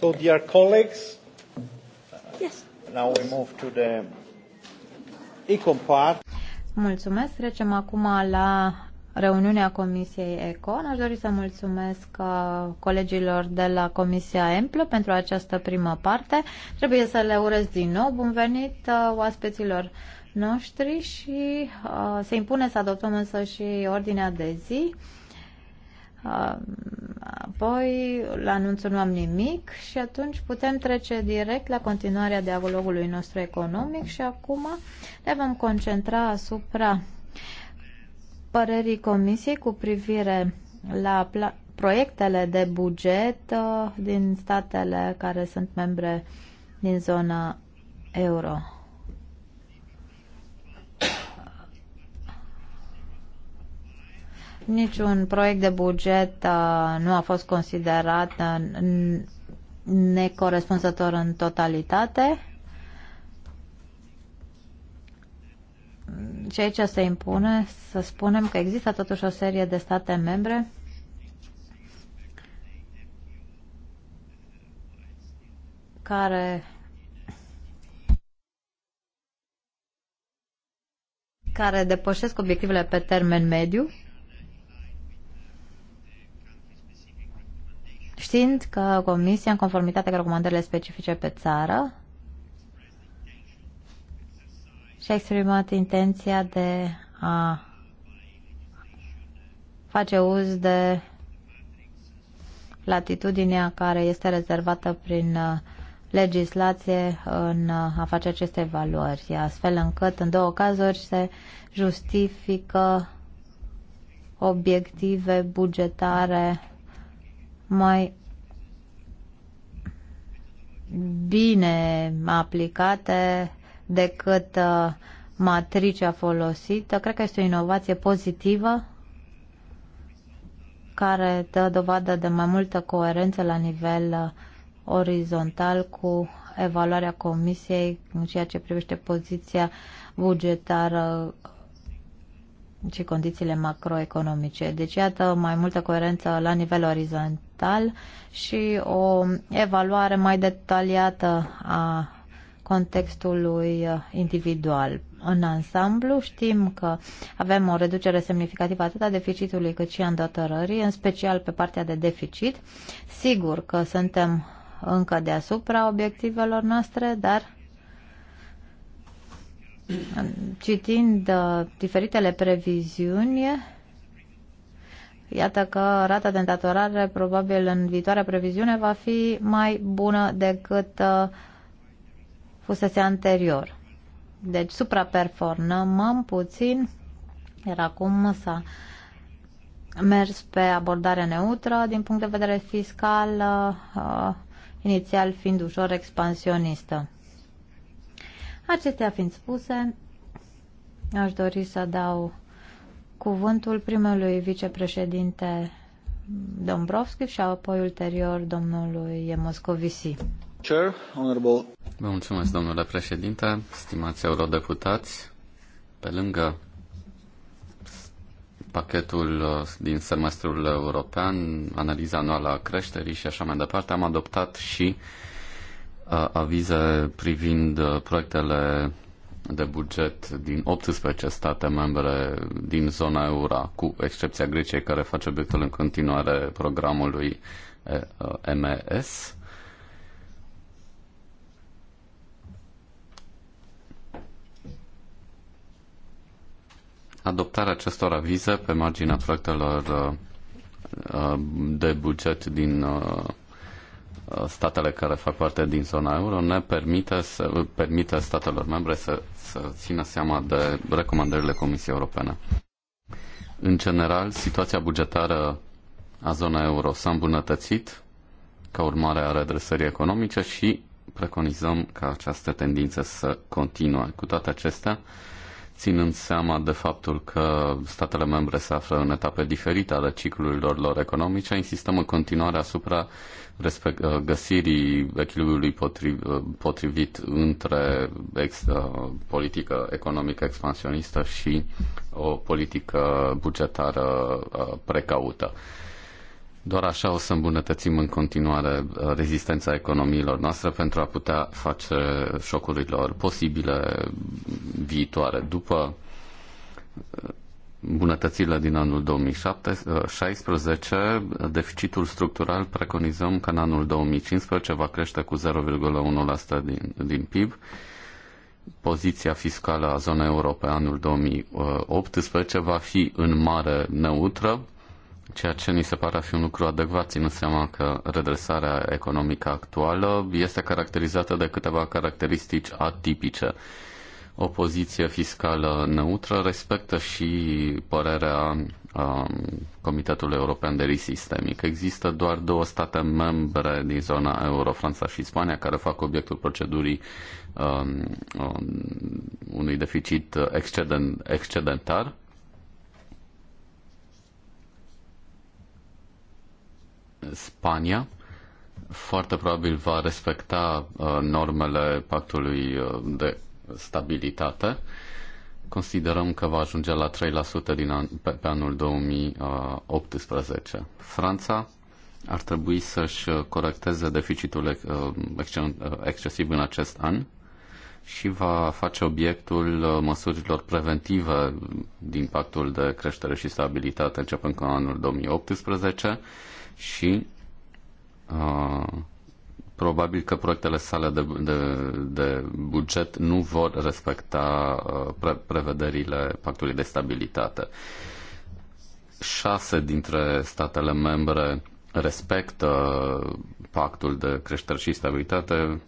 So, dear colleagues, yes. now we move to the Econ part. Mulțumesc. Trecem acum la reuniunea Comisiei Econ. Aș dori să mulțumesc uh, colegilor de la Comisia Emplă pentru această primă parte. Trebuie să le urez din nou bun venit uh, oaspeților noștri și uh, se impune să adoptăm însă și ordinea de zi. Apoi, la anunțul nu am nimic și atunci putem trece direct la continuarea dialogului nostru economic și acum ne vom concentra asupra părerii Comisiei cu privire la proiectele de buget uh, din statele care sunt membre din zona euro. Niciun proiect de buget uh, nu a fost considerat uh, necorespunzător în totalitate. Și aici se impune să spunem că există totuși o serie de state membre care care depășesc obiectivele pe termen mediu știind că Comisia, în conformitate cu recomandările specifice pe țară, și-a exprimat intenția de a face uz de latitudinea care este rezervată prin uh, legislație în uh, a face aceste evaluări, astfel încât în două cazuri se justifică obiective bugetare mai bine aplicate decât uh, matricea folosită. Cred că este o inovație pozitivă care dă dovadă de mai multă coerență la nivel uh, orizontal cu evaluarea Comisiei în ceea ce privește poziția bugetară și condițiile macroeconomice. Deci, iată, mai multă coerență la nivel orizontal și o evaluare mai detaliată a contextului individual. În ansamblu știm că avem o reducere semnificativă atât a deficitului cât și a îndatorării, în special pe partea de deficit. Sigur că suntem încă deasupra obiectivelor noastre, dar Citind uh, diferitele previziuni, iată că rata de îndatorare probabil în viitoarea previziune va fi mai bună decât uh, fusese anterior. Deci supraperformăm puțin, iar acum s-a mers pe abordare neutră din punct de vedere fiscal, uh, inițial fiind ușor expansionistă. Acestea fiind spuse, aș dori să dau cuvântul primului vicepreședinte Dombrovski și apoi ulterior domnului Moscovici. Chair, honorable. Vă mulțumesc, domnule președinte, stimați eurodeputați. Pe lângă pachetul uh, din semestrul european, analiza anuală a creșterii și așa mai departe, am adoptat și uh, avize privind uh, proiectele de buget din 18 state membre din zona euro, cu excepția Greciei, care face obiectul în continuare programului uh, MES. Adoptarea acestor avize pe marginea proiectelor uh, de buget din statele care fac parte din zona euro ne permite, să, permite statelor membre să, să țină seama de recomandările Comisiei Europene. În general, situația bugetară a zonei euro s-a îmbunătățit ca urmare a redresării economice și preconizăm ca această tendință să continue. Cu toate acestea, ținând seama de faptul că statele membre se află în etape diferite ale ciclurilor lor economice, insistăm în continuare asupra respect, uh, găsirii echilibrului uh, potrivit între ex, uh, politică economică expansionistă și o politică bugetară precaută. Doar așa o să îmbunătățim în continuare uh, rezistența economiilor noastre pentru a putea face șocurilor posibile mm, viitoare. După uh, bunătățile din anul 2016, uh, deficitul structural preconizăm că în anul 2015 va crește cu 0,1% din, din PIB. Poziția fiscală a zonei euro pe anul 2018 va fi în mare neutră ceea ce ni se pare a fi un lucru adecvat, ținând seama că redresarea economică actuală este caracterizată de câteva caracteristici atipice. O poziție fiscală neutră respectă și părerea um, Comitetului European de Risc Sistemic. Există doar două state membre din zona euro, Franța și Spania, care fac obiectul procedurii um, um, unui deficit excedent, excedentar Spania foarte probabil va respecta uh, normele pactului uh, de stabilitate. Considerăm că va ajunge la 3% din an, pe, pe anul 2018. Uh, Franța ar trebui să-și corecteze deficitul excesiv în acest an și va face obiectul măsurilor preventive din pactul de creștere și stabilitate începând cu anul 2018 și uh, probabil că proiectele sale de, de, de buget nu vor respecta uh, pre- prevederile pactului de stabilitate. Șase dintre statele membre respectă pactul de creștere și stabilitate,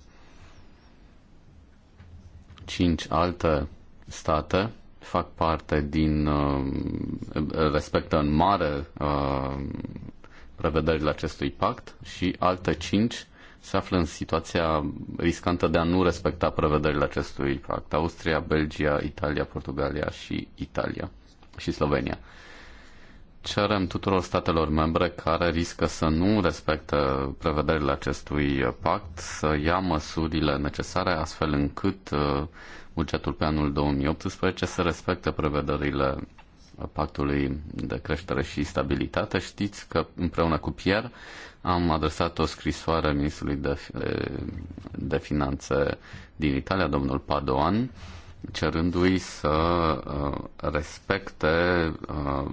cinci alte state fac parte din uh, respectă în mare uh, prevederile acestui pact și alte cinci se află în situația riscantă de a nu respecta prevederile acestui pact. Austria, Belgia, Italia, Portugalia și Italia și Slovenia. Cerem tuturor statelor membre care riscă să nu respectă prevederile acestui pact să ia măsurile necesare astfel încât uh, bugetul pe anul 2018 să respecte prevederile Pactului de Creștere și Stabilitate. Știți că împreună cu Pierre am adresat o scrisoare Ministrului de, eh, de Finanțe din Italia, domnul Padoan, cerându-i să eh, respecte eh,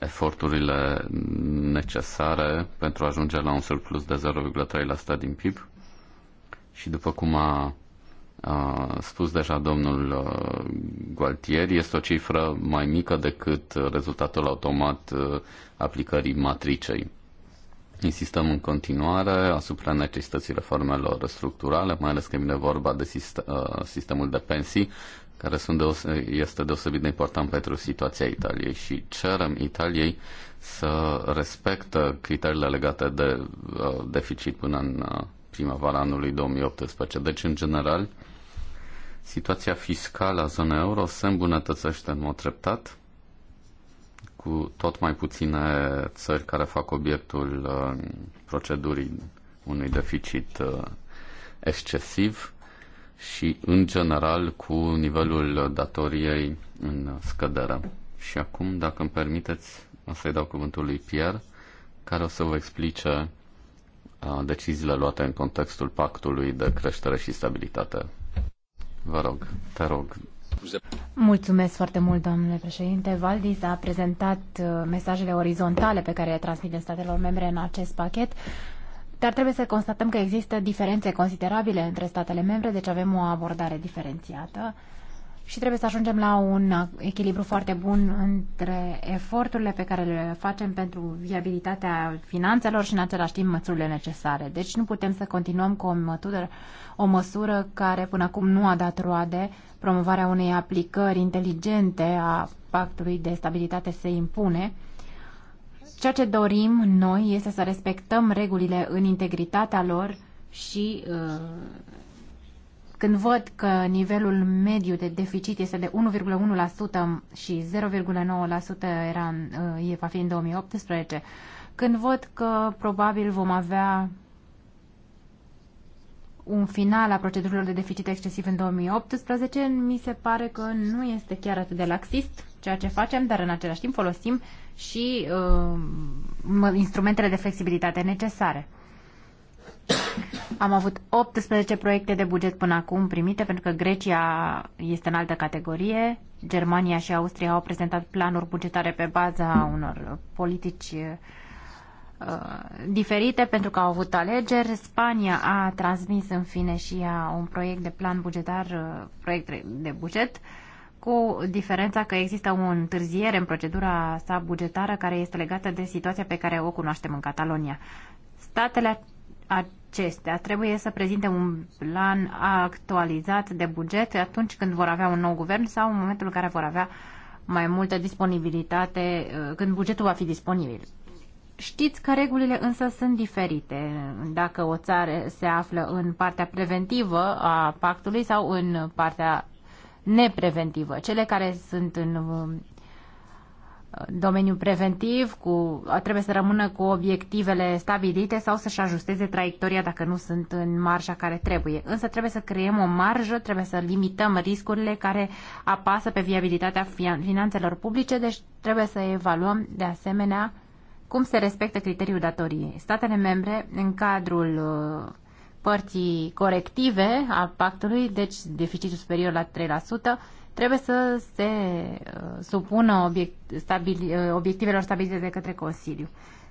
eforturile necesare pentru a ajunge la un surplus de 0,3% din PIB. Și după cum a a spus deja domnul uh, Gualtieri, este o cifră mai mică decât rezultatul automat uh, aplicării matricei. Insistăm în continuare asupra necesității reformelor structurale, mai ales când vine vorba de uh, sistemul de pensii, care sunt deose- este deosebit de important pentru situația Italiei și cerem Italiei să respectă criteriile legate de uh, deficit până în uh, primăvara anului 2018. Deci, în general, uh, Situația fiscală a zonei euro se îmbunătățește în mod treptat, cu tot mai puține țări care fac obiectul uh, procedurii unui deficit uh, excesiv și, în general, cu nivelul datoriei în scădere. Și acum, dacă îmi permiteți, o să-i dau cuvântul lui Pierre, care o să vă explice uh, deciziile luate în contextul pactului de creștere și stabilitate. Vă rog, te rog. Mulțumesc foarte mult, domnule președinte. Valdis a prezentat uh, mesajele orizontale pe care le transmite statelor membre în acest pachet. Dar trebuie să constatăm că există diferențe considerabile între statele membre, deci avem o abordare diferențiată. Uh, și trebuie să ajungem la un echilibru foarte bun între eforturile pe care le facem pentru viabilitatea finanțelor și în același timp măsurile necesare. Deci nu putem să continuăm cu o măsură, o măsură care până acum nu a dat roade. Promovarea unei aplicări inteligente a pactului de stabilitate se impune. Ceea ce dorim noi este să respectăm regulile în integritatea lor și uh, când văd că nivelul mediu de deficit este de 1,1% și 0,9% era, uh, va fi în 2018, când văd că probabil vom avea un final a procedurilor de deficit excesiv în 2018, mi se pare că nu este chiar atât de laxist ceea ce facem, dar în același timp folosim și uh, instrumentele de flexibilitate necesare. Am avut 18 proiecte de buget până acum primite, pentru că Grecia este în altă categorie. Germania și Austria au prezentat planuri bugetare pe baza unor politici uh, diferite pentru că au avut alegeri. Spania a transmis în fine și ea un proiect de plan bugetar, uh, proiect de buget, cu diferența că există o întârziere în procedura sa bugetară care este legată de situația pe care o cunoaștem în Catalonia. Statele acestea trebuie să prezinte un plan actualizat de buget atunci când vor avea un nou guvern sau în momentul în care vor avea mai multă disponibilitate, uh, când bugetul va fi disponibil. Știți că regulile însă sunt diferite dacă o țară se află în partea preventivă a pactului sau în partea nepreventivă. Cele care sunt în Uh, domeniul preventiv, cu, trebuie să rămână cu obiectivele stabilite sau să-și ajusteze traiectoria dacă nu sunt în marja care trebuie. Însă trebuie să creăm o marjă, trebuie să limităm riscurile care apasă pe viabilitatea finanțelor publice, deci trebuie să evaluăm de asemenea cum se respectă criteriul datoriei. Statele membre, în cadrul uh, părții corective a pactului, deci deficitul superior la 3%, trebuie să se uh, supună obiect, stabil, uh, obiectivelor stabilite de către Consiliu.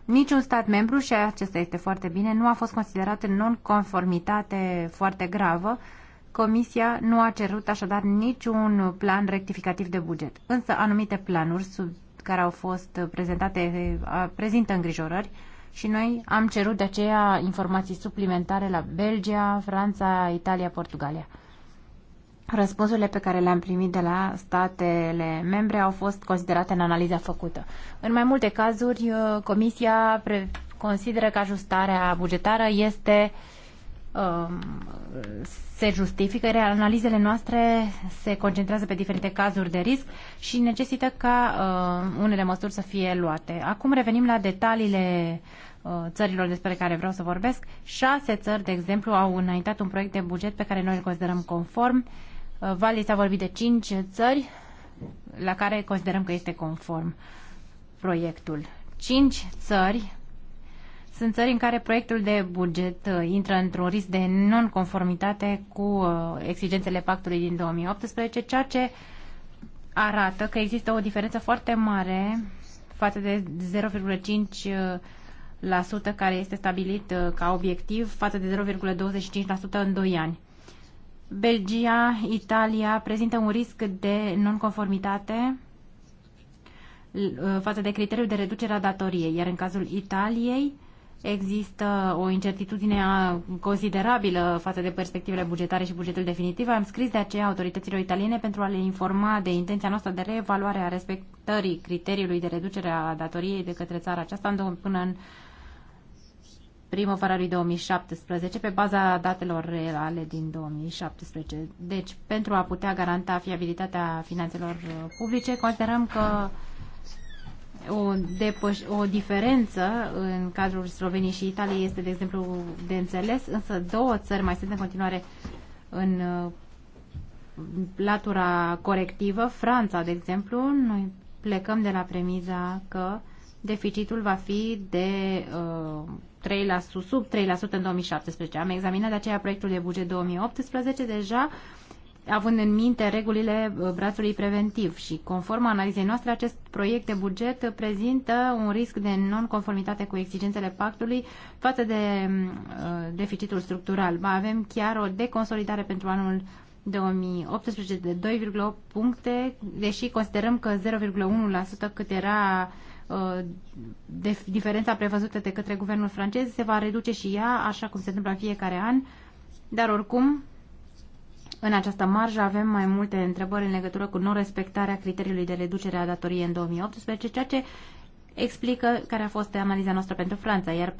Niciun stat membru, și acesta este foarte bine, nu a fost considerat în nonconformitate foarte gravă. Comisia nu a cerut așadar niciun plan rectificativ de buget. Însă anumite planuri sub, care au fost prezentate uh, prezintă îngrijorări și noi am cerut de aceea informații suplimentare la Belgia, Franța, Italia, Portugalia. Răspunsurile pe care le-am primit de la statele membre au fost considerate în analiza făcută. În mai multe cazuri, uh, Comisia consideră că ajustarea bugetară este um, se justifică, analizele noastre se concentrează pe diferite cazuri de risc și necesită ca uh, unele măsuri să fie luate. Acum revenim la detaliile uh, țărilor despre care vreau să vorbesc. Șase țări, de exemplu, au înaintat un proiect de buget pe care noi îl considerăm conform uh, Uh, Valis a vorbit de cinci țări la care considerăm că este conform proiectul. Cinci țări sunt țări în care proiectul de buget uh, intră într-un risc de nonconformitate cu uh, exigențele pactului din 2018, ceea ce arată că există o diferență foarte mare față de 0,5% care este stabilit ca obiectiv față de 0,25% în 2 ani. Belgia, Italia prezintă un risc de nonconformitate față de criteriul de reducere a datoriei, iar în cazul Italiei există o incertitudine considerabilă față de perspectivele bugetare și bugetul definitiv. Am scris de aceea autorităților italiene pentru a le informa de intenția noastră de reevaluare a respectării criteriului de reducere a datoriei de către țara aceasta până în primăvara lui 2017 pe baza datelor reale din 2017. Deci, pentru a putea garanta fiabilitatea finanțelor uh, publice, considerăm că o, depăș- o diferență în cadrul Sloveniei și Italiei este, de exemplu, de înțeles, însă două țări mai sunt în continuare în uh, latura corectivă. Franța, de exemplu, noi plecăm de la premiza că deficitul va fi de uh, 3%, sub 3% în 2017. Am examinat de aceea proiectul de buget 2018 deja având în minte regulile uh, brațului preventiv și conform analizei noastre, acest proiect de buget prezintă un risc de nonconformitate cu exigențele pactului față de mm, uh, deficitul structural. Avem chiar o deconsolidare pentru anul 2018 de 2,8 puncte, deși considerăm că 0,1% cât era Uh, de, diferența prevăzută de către guvernul francez se va reduce și ea, așa cum se întâmplă în fiecare an, dar oricum, în această marjă avem mai multe întrebări în legătură cu non-respectarea criteriului de reducere a datoriei în 2018, ceea ce explică care a fost analiza noastră pentru Franța, iar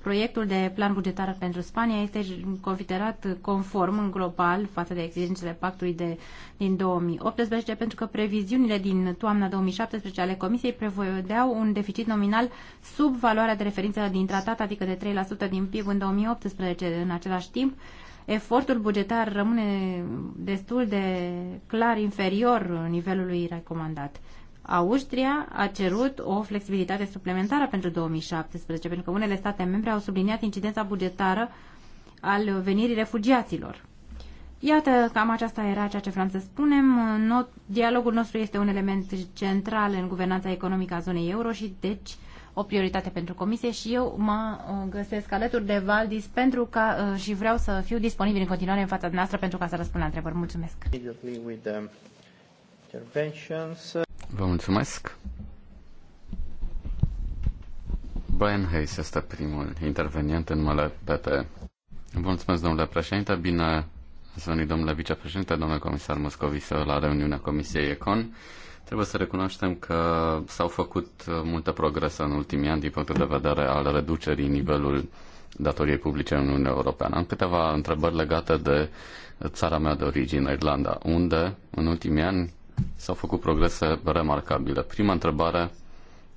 proiectul de plan bugetar pentru Spania este considerat conform în global față de exigențele pactului de, din 2018, pentru că previziunile din toamna 2017 ale Comisiei prevedeau un deficit nominal sub valoarea de referință din tratat, adică de 3% din PIB în 2018. În același timp, efortul bugetar rămâne destul de clar inferior nivelului recomandat. Austria a cerut o flexibilitate suplimentară pentru 2017, pentru că unele state membre au subliniat incidența bugetară al venirii refugiaților. Iată, cam aceasta era ceea ce vreau să spunem. Not, dialogul nostru este un element central în guvernanța economică a zonei euro și, deci, o prioritate pentru comisie și eu mă uh, găsesc alături de Valdis pentru ca, uh, și vreau să fiu disponibil în continuare în fața noastră pentru ca să răspund la întrebări. Mulțumesc! Vă mulțumesc. Brian Hayes este primul intervenient în numele PP. Vă mulțumesc, domnule președinte. Bine ați venit, domnule vicepreședinte, domnule comisar Moscovici, la reuniunea Comisiei Econ. Trebuie să recunoaștem că s-au făcut multe progrese în ultimii ani din punctul de vedere al reducerii nivelul datoriei publice în Uniunea Europeană. Am câteva întrebări legate de țara mea de origine, Irlanda, unde în ultimii ani S-au făcut progrese remarcabile. Prima întrebare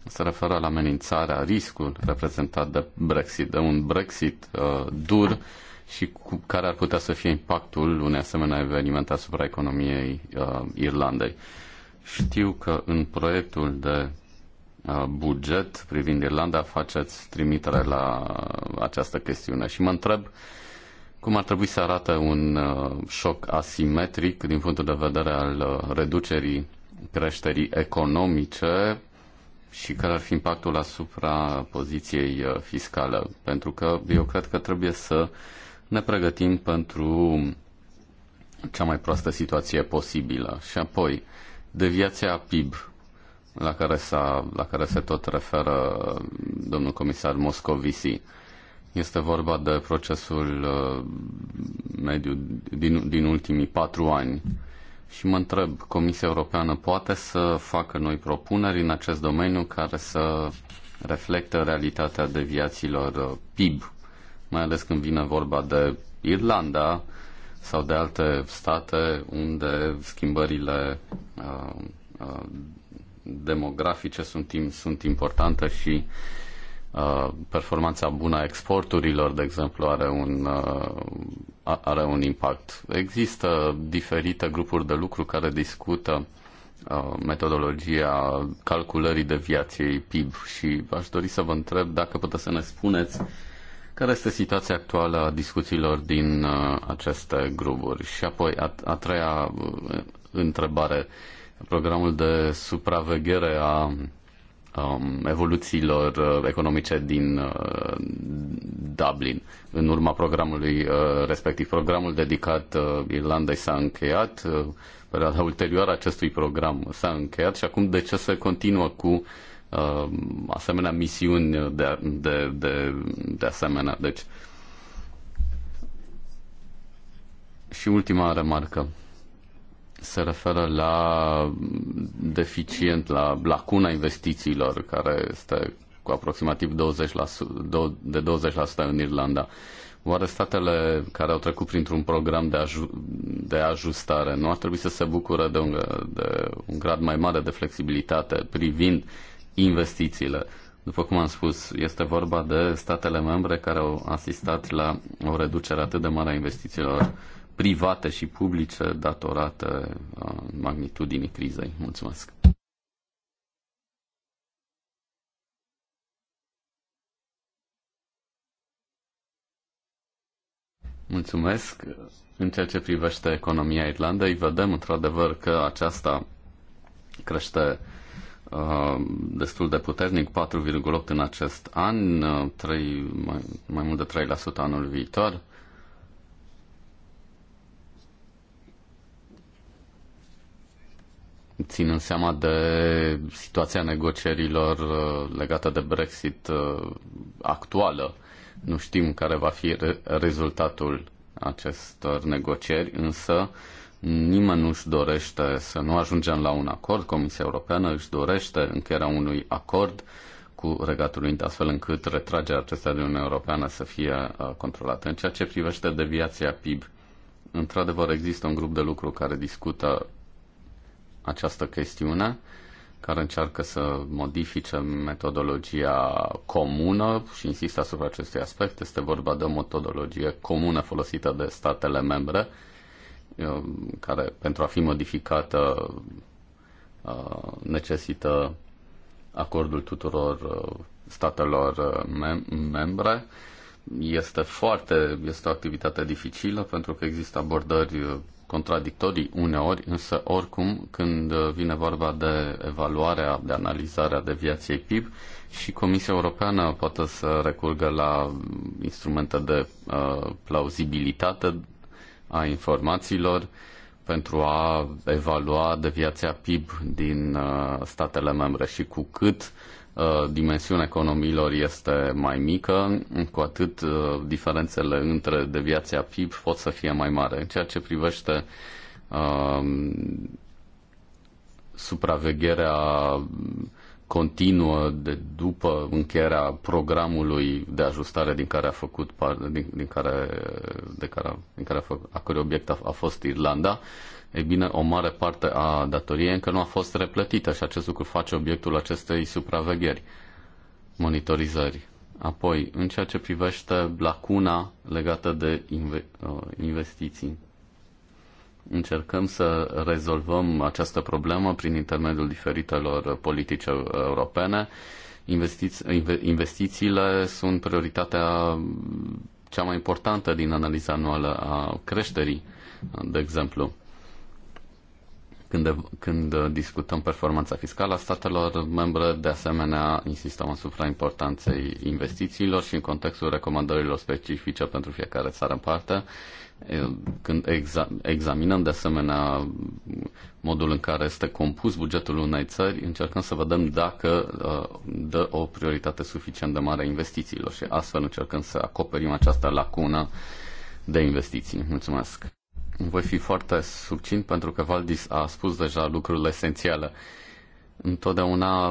se referă la amenințarea, riscul reprezentat de Brexit, de un Brexit uh, dur și cu care ar putea să fie impactul unei asemenea evenimente asupra economiei uh, Irlandei. Știu că în proiectul de uh, buget privind Irlanda faceți trimitere la uh, această chestiune și mă întreb uh, cum ar trebui să arate un uh, șoc asimetric din punctul de vedere al uh, reducerii creșterii economice și care ar fi impactul asupra poziției uh, fiscale. Pentru că eu cred că trebuie să ne pregătim pentru cea mai proastă situație posibilă. Și apoi, deviația PIB, la care, s la care se tot referă domnul comisar Moscovici, este vorba de procesul uh, mediu din, din ultimii patru ani. Și mă întreb, Comisia Europeană poate să facă noi propuneri în acest domeniu care să reflectă realitatea deviațiilor uh, PIB, mai ales când vine vorba de Irlanda sau de alte state unde schimbările uh, uh, demografice sunt, sunt importante și uh, Uh, performanța bună a exporturilor, de exemplu, are un, uh, are un impact. Există diferite grupuri de lucru care discută uh, metodologia calculării deviației PIB și aș dori să vă întreb dacă puteți să ne spuneți care este situația actuală a discuțiilor din aceste grupuri. Și apoi a, a treia întrebare, programul de supraveghere a um, evoluțiilor uh, economice din uh, Dublin în urma programului uh, respectiv. Programul dedicat uh, Irlandei s-a încheiat, uh, perioada ulterioară acestui program s-a încheiat și acum de ce se continuă cu uh, asemenea misiuni de, de, de, de asemenea. Deci, și ultima remarcă se referă la deficient, la lacuna investițiilor, care este cu aproximativ 20 la, de 20% în Irlanda. Oare statele care au trecut printr-un program de, aj- de ajustare nu ar trebui să se bucure de un, de un grad mai mare de flexibilitate privind investițiile? După cum am spus, este vorba de statele membre care au asistat la o reducere atât de mare a investițiilor private și publice datorate uh, magnitudinii crizei. Mulțumesc! Mulțumesc. În ceea ce privește economia Irlandei, vedem într-adevăr că aceasta crește uh, destul de puternic, 4,8 în acest an, 3, uh, mai, mai mult de 3% anul viitor. ținând seama de situația negocierilor uh, legată de Brexit uh, actuală. Nu știm care va fi rezultatul acestor negocieri, însă nimeni nu își dorește să nu ajungem la un acord. Comisia Europeană își dorește încheierea unui acord cu Regatul Unit, astfel încât retragerea acestea din Uniunea Europeană să fie uh, controlată. În ceea ce privește deviația PIB, într-adevăr există un grup de lucru care discută această chestiune care încearcă să modifice metodologia comună și insistă asupra acestui aspect. Este vorba de o metodologie comună folosită de statele membre uh, care pentru a fi modificată uh, necesită acordul tuturor uh, statelor mem- membre. Este foarte, este o activitate dificilă pentru că există abordări contradictorii uneori, însă oricum când uh, vine vorba de evaluarea, de analizarea deviației PIB și Comisia Europeană poate să recurgă la mm, instrumente de uh, plauzibilitate a informațiilor pentru a evalua deviația PIB din uh, statele membre și cu cât uh, Uh, dimensiunea economiilor este mai mică, cu atât uh, diferențele între deviația PIB pot să fie mai mare. În ceea ce privește uh, supravegherea continuă de după încheierea programului de ajustare din care a făcut din, din care, de care, din care a, făcut, a cărui obiect a, a fost Irlanda, uh, ei bine, o mare parte a datoriei încă nu a fost replătită și acest lucru face obiectul acestei supravegheri, monitorizări. Apoi, în ceea ce privește lacuna legată de uh, investiții, încercăm să rezolvăm această problemă prin intermediul diferitelor politici europene. Investiți, investițiile sunt prioritatea cea mai importantă din analiza anuală a creșterii, de exemplu. Când, când uh, discutăm performanța fiscală a statelor membre, de asemenea, insistăm asupra importanței investițiilor și în contextul recomandărilor specifice pentru fiecare țară în parte, când exa- examinăm de asemenea modul în care este compus bugetul unei țări, încercăm să vedem dacă uh, dă o prioritate suficient de mare investițiilor și astfel încercăm să acoperim această lacună de investiții. Mulțumesc! Voi fi foarte succint pentru că Valdis a spus deja lucrurile esențiale. Întotdeauna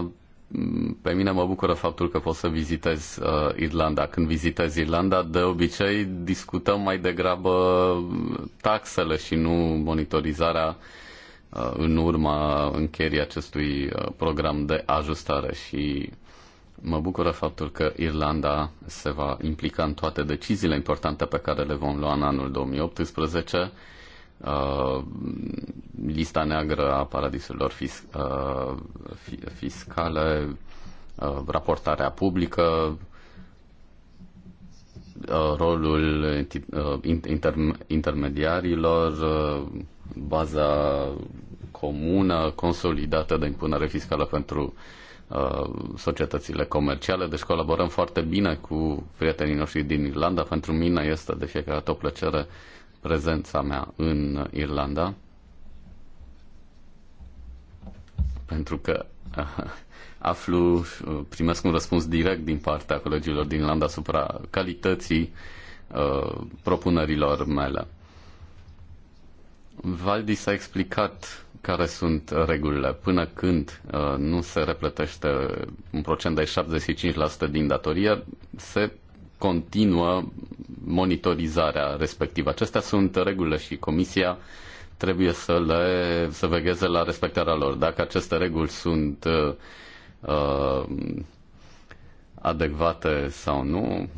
mm, pe mine mă bucură faptul că pot să vizitez uh, Irlanda. Când vizitez Irlanda, de obicei discutăm mai degrabă taxele și nu monitorizarea uh, în urma încheierii acestui uh, program de ajustare și mă bucură faptul că Irlanda se va implica în toate deciziile importante pe care le vom lua în anul 2018 Uh, lista neagră a paradisurilor fis, uh, fiscale, uh, raportarea publică, uh, rolul uh, inter, intermediarilor, uh, baza comună consolidată de impunere fiscală pentru uh, societățile comerciale, deci colaborăm foarte bine cu prietenii noștri din Irlanda. Pentru mine este de fiecare dată o plăcere prezența mea în Irlanda, pentru că aflu, primesc un răspuns direct din partea colegilor din Irlanda asupra calității uh, propunerilor mele. Valdi s-a explicat care sunt regulile. Până când uh, nu se replătește un procent de 75% din datorie, se continuă monitorizarea respectivă. Acestea sunt regulile și Comisia trebuie să le să vegheze la respectarea lor. Dacă aceste reguli sunt uh, uh adecvate sau nu,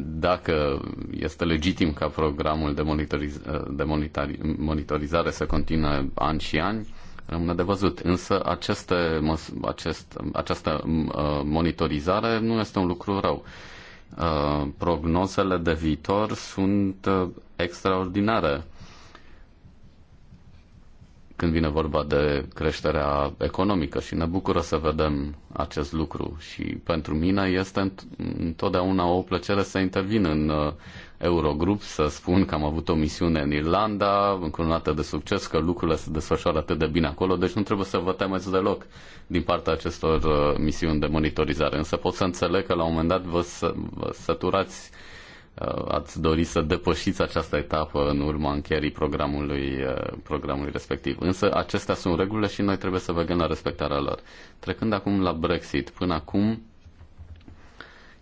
dacă este legitim ca programul de, monitoriz- uh, de monitorizare să continue ani și ani, rămâne de văzut. Însă aceste, acest, această ă, monitorizare nu este un lucru rău. Ă, prognozele de viitor sunt ă, extraordinare când vine vorba de creșterea economică și ne bucură să vedem acest lucru și pentru mine este întotdeauna o plăcere să intervin în Eurogrup să spun că am avut o misiune în Irlanda, încununată de succes, că lucrurile se desfășoară atât de bine acolo, deci nu trebuie să vă temeți deloc din partea acestor uh, misiuni de monitorizare. Însă pot să înțeleg că la un moment dat vă, vă săturați, uh, ați dori să depășiți această etapă în urma încheierii programului, uh, programului respectiv. Însă acestea sunt regulile și noi trebuie să vedem la respectarea lor. Trecând acum la Brexit, până acum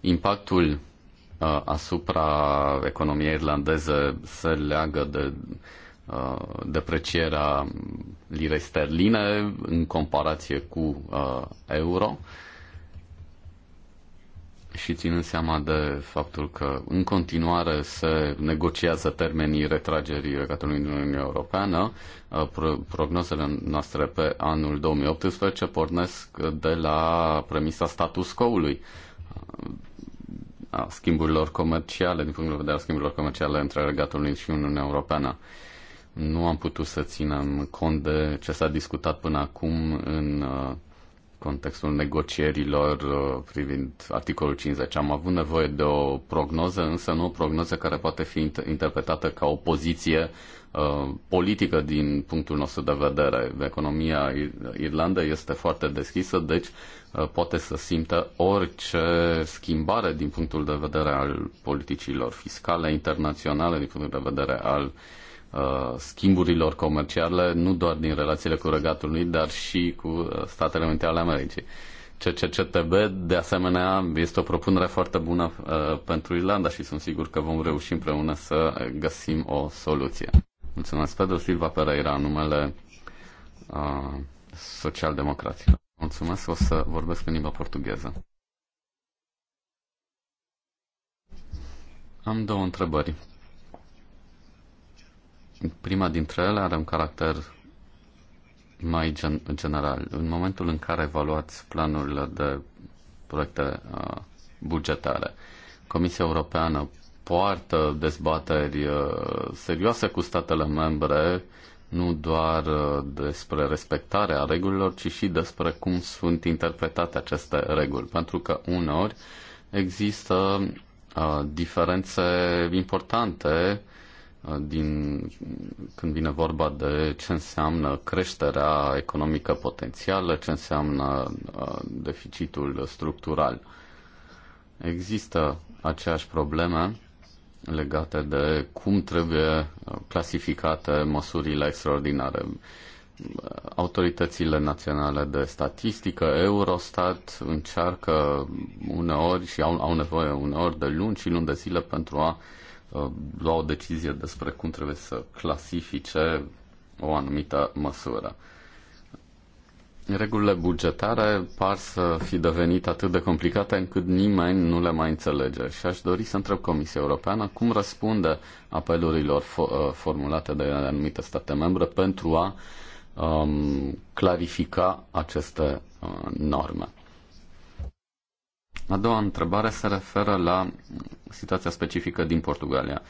impactul Uh, asupra economiei irlandeze se leagă de uh, deprecierea lirei sterline în comparație cu uh, euro și ținând seama de faptul că în continuare se negociază termenii retragerii Regatului din Uniunea Europeană, prognozele noastre pe anul 2018 pornesc de la premisa status quo-ului a schimburilor comerciale, din punctul de vedere al schimburilor comerciale între Regatul Unit și Uniunea Europeană. Nu am putut să ținem cont de ce s-a discutat până acum în uh, contextul negocierilor uh, privind articolul 50. Am avut nevoie de o prognoză, însă nu o prognoză care poate fi interpretată ca o poziție uh, politică din punctul nostru de vedere. Economia Irlandei este foarte deschisă, deci uh, Uh, poate să simtă orice schimbare din punctul de vedere al politicilor fiscale internaționale, din punctul de vedere al uh, schimburilor comerciale, nu doar din relațiile cu Regatul Unit, dar și cu uh, Statele Unite ale Americii. CCCTB, de asemenea, este o propunere foarte bună uh, pentru Irlanda și sunt sigur că vom reuși împreună să găsim o soluție. Mulțumesc, Pedro Silva Pereira, numele uh, socialdemocraților. Mulțumesc, o să vorbesc în limba portugheză. Am două întrebări. Prima dintre ele are un caracter mai gen- general. În momentul în care evaluați planurile de proiecte uh, bugetare, Comisia Europeană poartă dezbateri uh, serioase cu statele membre nu doar uh, despre respectarea regulilor, ci și despre cum sunt interpretate aceste reguli. Pentru că uneori există uh, diferențe importante uh, din, când vine vorba de ce înseamnă creșterea economică potențială, ce înseamnă deficitul structural. Există aceeași problemă legate de cum trebuie uh, clasificate măsurile extraordinare. Autoritățile naționale de statistică, Eurostat, încearcă uneori și au, au nevoie uneori de luni și luni de zile pentru a uh, lua o decizie despre cum trebuie să clasifice o anumită măsură. Uh, regulile bugetare par să fi devenit atât de complicate încât nimeni nu le mai înțelege. Și aș dori să întreb Comisia Europeană cum răspunde apelurilor fo- uh, formulate de anumite state membre pentru a um, clarifica aceste uh, norme. A doua întrebare se referă la situația specifică din Portugalia. Uh,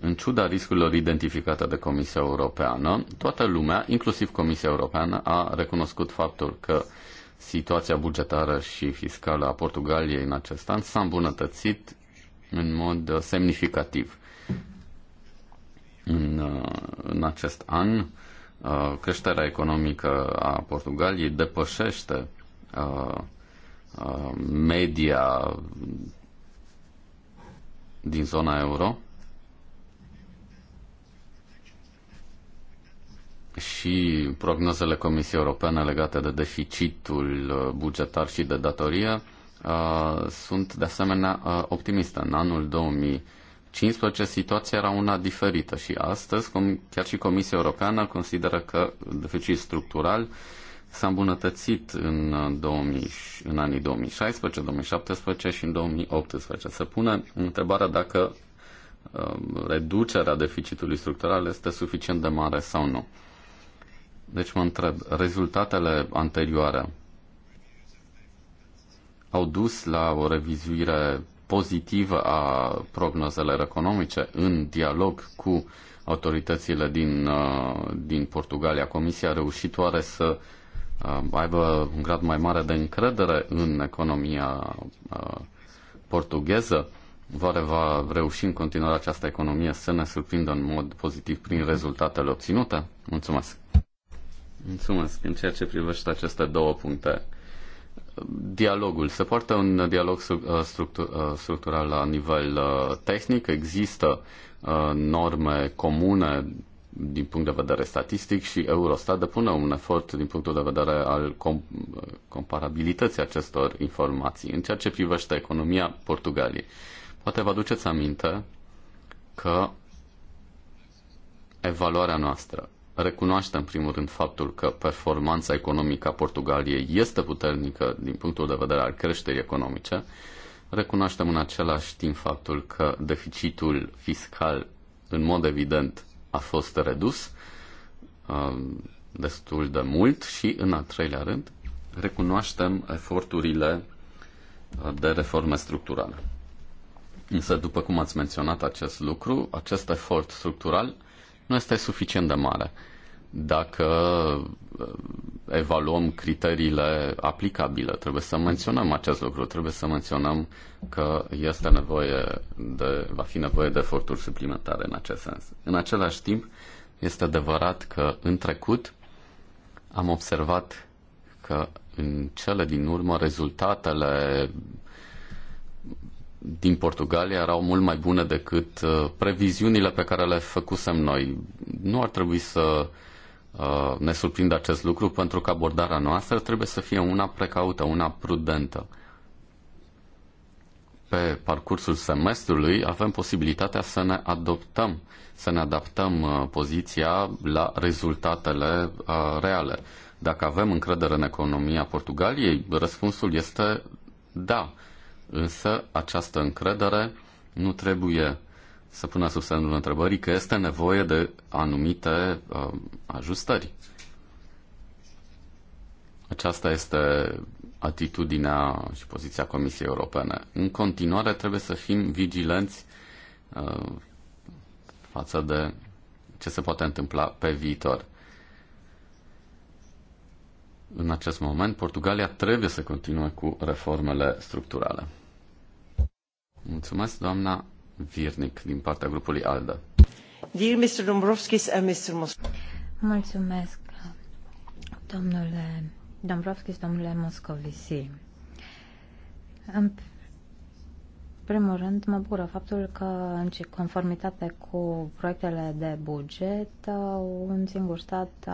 în ciuda riscurilor identificate de Comisia Europeană, toată lumea, inclusiv Comisia Europeană, a recunoscut faptul că situația bugetară și fiscală a Portugaliei în acest an s-a îmbunătățit în mod uh, semnificativ. În, uh, în acest an, uh, creșterea economică a Portugaliei depășește media din zona euro și prognozele Comisiei Europene legate de deficitul uh, bugetar și de datorie uh, sunt de asemenea uh, optimiste. În anul 2015 situația era una diferită și astăzi chiar și Comisia Europeană consideră că deficitul structural s-a îmbunătățit în, 2000, în anii 2016, 2017 și în 2018. Se pune întrebarea dacă reducerea deficitului structural este suficient de mare sau nu. Deci mă întreb, rezultatele anterioare au dus la o revizuire pozitivă a prognozelor economice în dialog cu autoritățile din, uh, din Portugalia. Comisia a reușit oare să uh, aibă un grad mai mare de încredere în economia uh, portugheză? Oare va reuși în continuare această economie să ne surprindă în mod pozitiv prin rezultatele obținute? Mulțumesc! Mulțumesc. În ceea ce privește aceste două puncte, dialogul. Se poartă un dialog uh, uh, structural la nivel uh, tehnic? Există norme comune din punct de vedere statistic și Eurostat depune un efort din punctul de vedere al com- comparabilității acestor informații. În ceea ce privește economia Portugaliei, poate vă aduceți aminte că evaluarea noastră recunoaște în primul rând faptul că performanța economică a Portugaliei este puternică din punctul de vedere al creșterii economice, recunoaștem în același timp faptul că deficitul fiscal în mod evident a fost redus uh, destul de mult și în al treilea rând recunoaștem eforturile uh, de reforme structurale. Însă, după cum ați menționat acest lucru, acest efort structural nu este suficient de mare. Dacă uh, evaluăm criteriile aplicabile, trebuie să menționăm acest lucru, trebuie să menționăm că este nevoie de, va fi nevoie de eforturi suplimentare în acest sens. În același timp, este adevărat că în trecut am observat că în cele din urmă rezultatele din Portugalia erau mult mai bune decât uh, previziunile pe care le făcusem noi. Nu ar trebui să uh, ne surprindă acest lucru pentru că abordarea noastră trebuie să fie una precaută, una prudentă. Pe parcursul semestrului avem posibilitatea să ne adoptăm, să ne adaptăm uh, poziția la rezultatele reale. Dacă avem încredere în economia Portugaliei, răspunsul este da Însă această încredere nu trebuie să pună sub semnul întrebării că este nevoie de anumite uh, ajustări. Aceasta este atitudinea și poziția Comisiei Europene. În continuare trebuie să fim vigilenți uh, față de ce se poate întâmpla pe viitor. În acest moment, Portugalia trebuie să continue cu reformele structurale. Mulțumesc, doamna Virnic, din partea grupului ALDA. Dear Mr. Dombrovskis and Mr. Mos- Mulțumesc, domnule Dombrovskis, domnule Moscovici. În primul rând, mă bucură faptul că, în conformitate cu proiectele de buget, un singur stat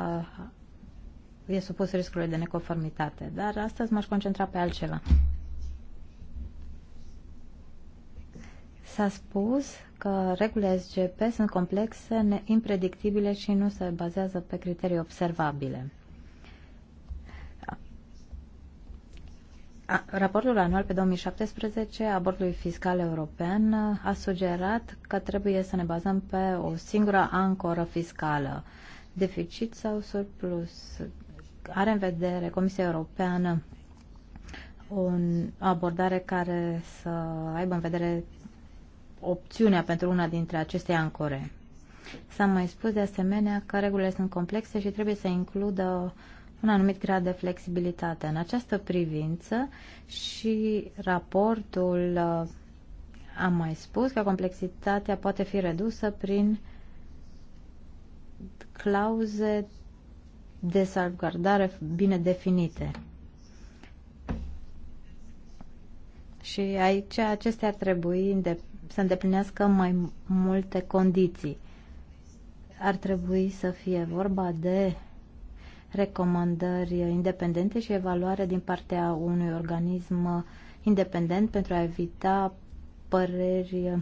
e supus riscului de neconformitate. Dar astăzi m-aș concentra pe altceva. S-a spus că regulile SGP sunt complexe, impredictibile și nu se bazează pe criterii observabile. Raportul anual pe 2017 a Bordului Fiscal European a sugerat că trebuie să ne bazăm pe o singură ancoră fiscală, deficit sau surplus. Are în vedere Comisia Europeană o abordare care să aibă în vedere opțiunea pentru una dintre aceste ancore. S-a mai spus de asemenea că regulile sunt complexe și trebuie să includă un anumit grad de flexibilitate. În această privință și raportul uh, am mai spus că complexitatea poate fi redusă prin clauze de salvgardare bine definite. Și aici acestea ar trebui să îndeplinească mai multe condiții. Ar trebui să fie vorba de recomandări independente și evaluare din partea unui organism independent pentru a evita păreri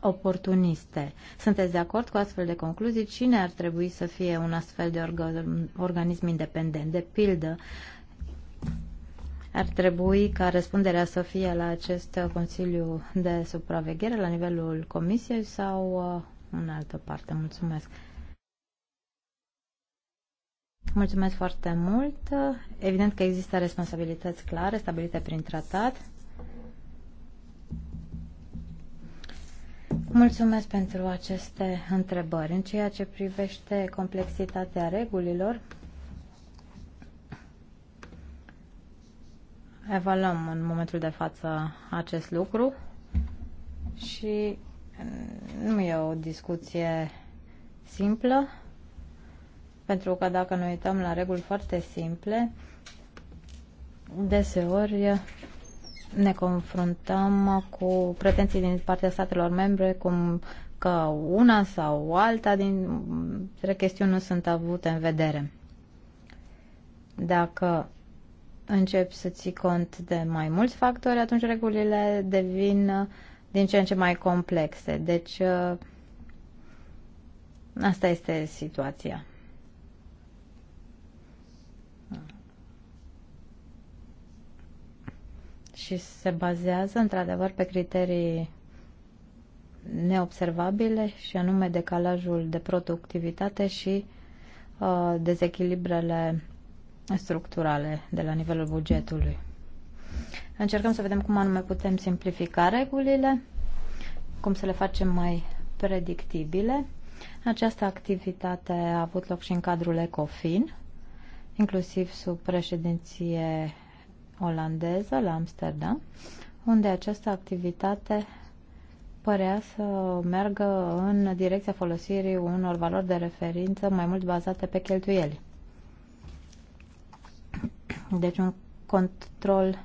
oportuniste. Sunteți de acord cu astfel de concluzii? Cine ar trebui să fie un astfel de organism independent? De pildă, ar trebui ca răspunderea să fie la acest Consiliu de Supraveghere, la nivelul Comisiei sau uh, în altă parte. Mulțumesc! Mulțumesc foarte mult. Evident că există responsabilități clare stabilite prin tratat. Mulțumesc pentru aceste întrebări. În ceea ce privește complexitatea regulilor, evaluăm în momentul de față acest lucru și nu e o discuție simplă, pentru că dacă ne uităm la reguli foarte simple, deseori ne confruntăm cu pretenții din partea statelor membre, cum că una sau alta dintre chestiuni nu sunt avute în vedere. Dacă începi să ții cont de mai mulți factori, atunci regulile devin uh, din ce în ce mai complexe. Deci, uh, asta este situația. Și se bazează, într-adevăr, pe criterii neobservabile, și anume decalajul de productivitate și uh, dezechilibrele structurale de la nivelul bugetului. Încercăm să vedem cum anume putem simplifica regulile, cum să le facem mai predictibile. Această activitate a avut loc și în cadrul ECOFIN, inclusiv sub președinție olandeză la Amsterdam, unde această activitate părea să meargă în direcția folosirii unor valori de referință mai mult bazate pe cheltuieli. Deci un control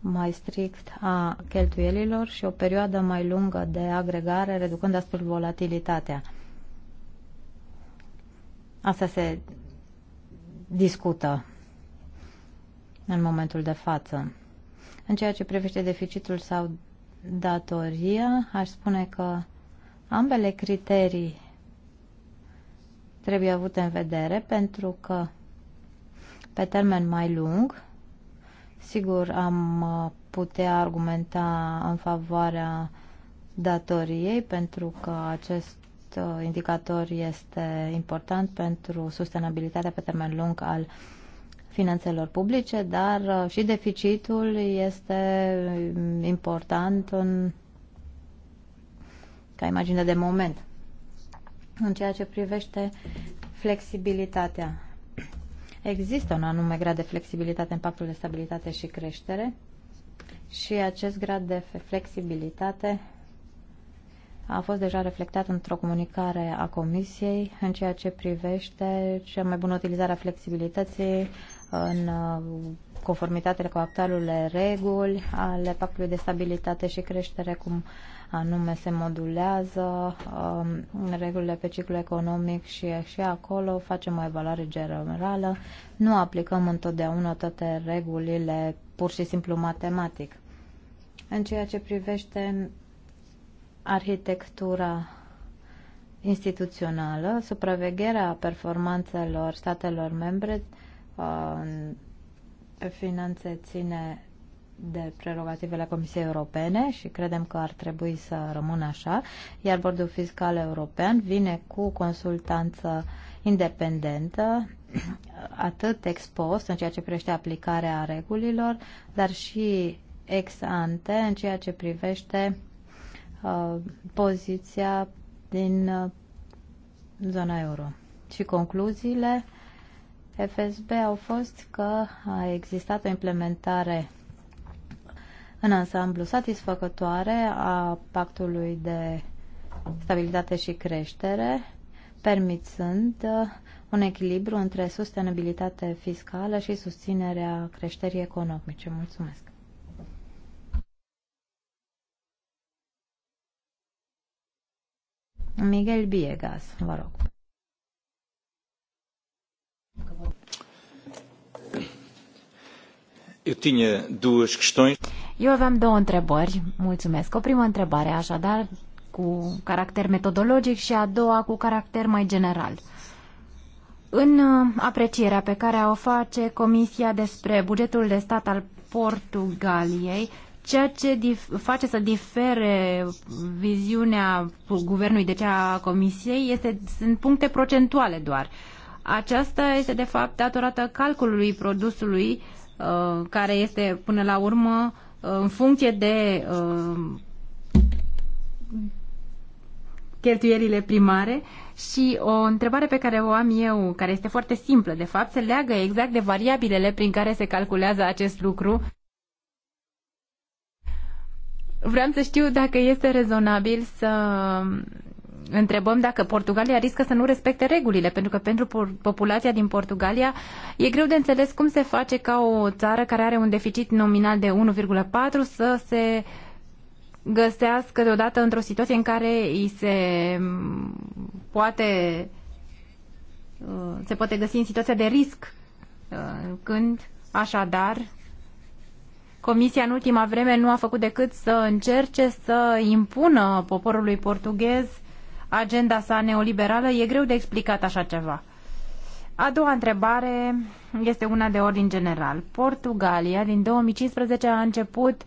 mai strict a cheltuielilor și o perioadă mai lungă de agregare, reducând astfel volatilitatea. Asta se discută în momentul de față. În ceea ce privește deficitul sau datoria, aș spune că ambele criterii trebuie avute în vedere pentru că pe termen mai lung, sigur am uh, putea argumenta în favoarea datoriei pentru că acest uh, indicator este important pentru sustenabilitatea pe termen lung al finanțelor publice, dar uh, și deficitul este important în, ca imagine de moment. În ceea ce privește flexibilitatea Există un anume grad de flexibilitate în pactul de stabilitate și creștere și acest grad de flexibilitate a fost deja reflectat într-o comunicare a Comisiei în ceea ce privește cea mai bună utilizare a flexibilității în uh, conformitate cu actualele reguli ale Pactului de Stabilitate și Creștere, cum anume se modulează um, regulile pe ciclu economic și și acolo facem o evaluare generală. Nu aplicăm întotdeauna toate regulile pur și simplu matematic. În ceea ce privește arhitectura instituțională, supravegherea performanțelor statelor membre uh, pe finanțe ține de prerogativele Comisiei Europene și credem că ar trebui să rămână așa, iar Bordul Fiscal European vine cu consultanță independentă, atât expost în ceea ce privește aplicarea regulilor, dar și ex ante în ceea ce privește uh, poziția din uh, zona euro. Și concluziile FSB au fost că a existat o implementare în ansamblu satisfăcătoare a pactului de stabilitate și creștere, permițând uh, un echilibru între sustenabilitate fiscală și susținerea creșterii economice. Mulțumesc! Miguel Biegas, vă rog. Eu tinha duas questões. Eu aveam două întrebări, mulțumesc. O primă întrebare, așadar, cu caracter metodologic și a doua cu caracter mai general. În uh, aprecierea pe care o face Comisia despre bugetul de stat al Portugaliei, ceea ce face să difere viziunea guvernului de cea a Comisiei este, sunt puncte procentuale doar. Aceasta este, de fapt, datorată calculului produsului, uh, care este, până la urmă, în funcție de uh, cheltuierile primare și o întrebare pe care o am eu, care este foarte simplă, de fapt, se leagă exact de variabilele prin care se calculează acest lucru. Vreau să știu dacă este rezonabil să întrebăm dacă Portugalia riscă să nu respecte regulile, pentru că pentru populația din Portugalia e greu de înțeles cum se face ca o țară care are un deficit nominal de 1,4 să se găsească deodată într-o situație în care îi se mm, poate uh, se poate găsi în situația de risc uh, când așadar Comisia în ultima vreme nu a făcut decât să încerce să impună poporului portughez agenda sa neoliberală, e greu de explicat așa ceva. A doua întrebare este una de ordin general. Portugalia din 2015 a început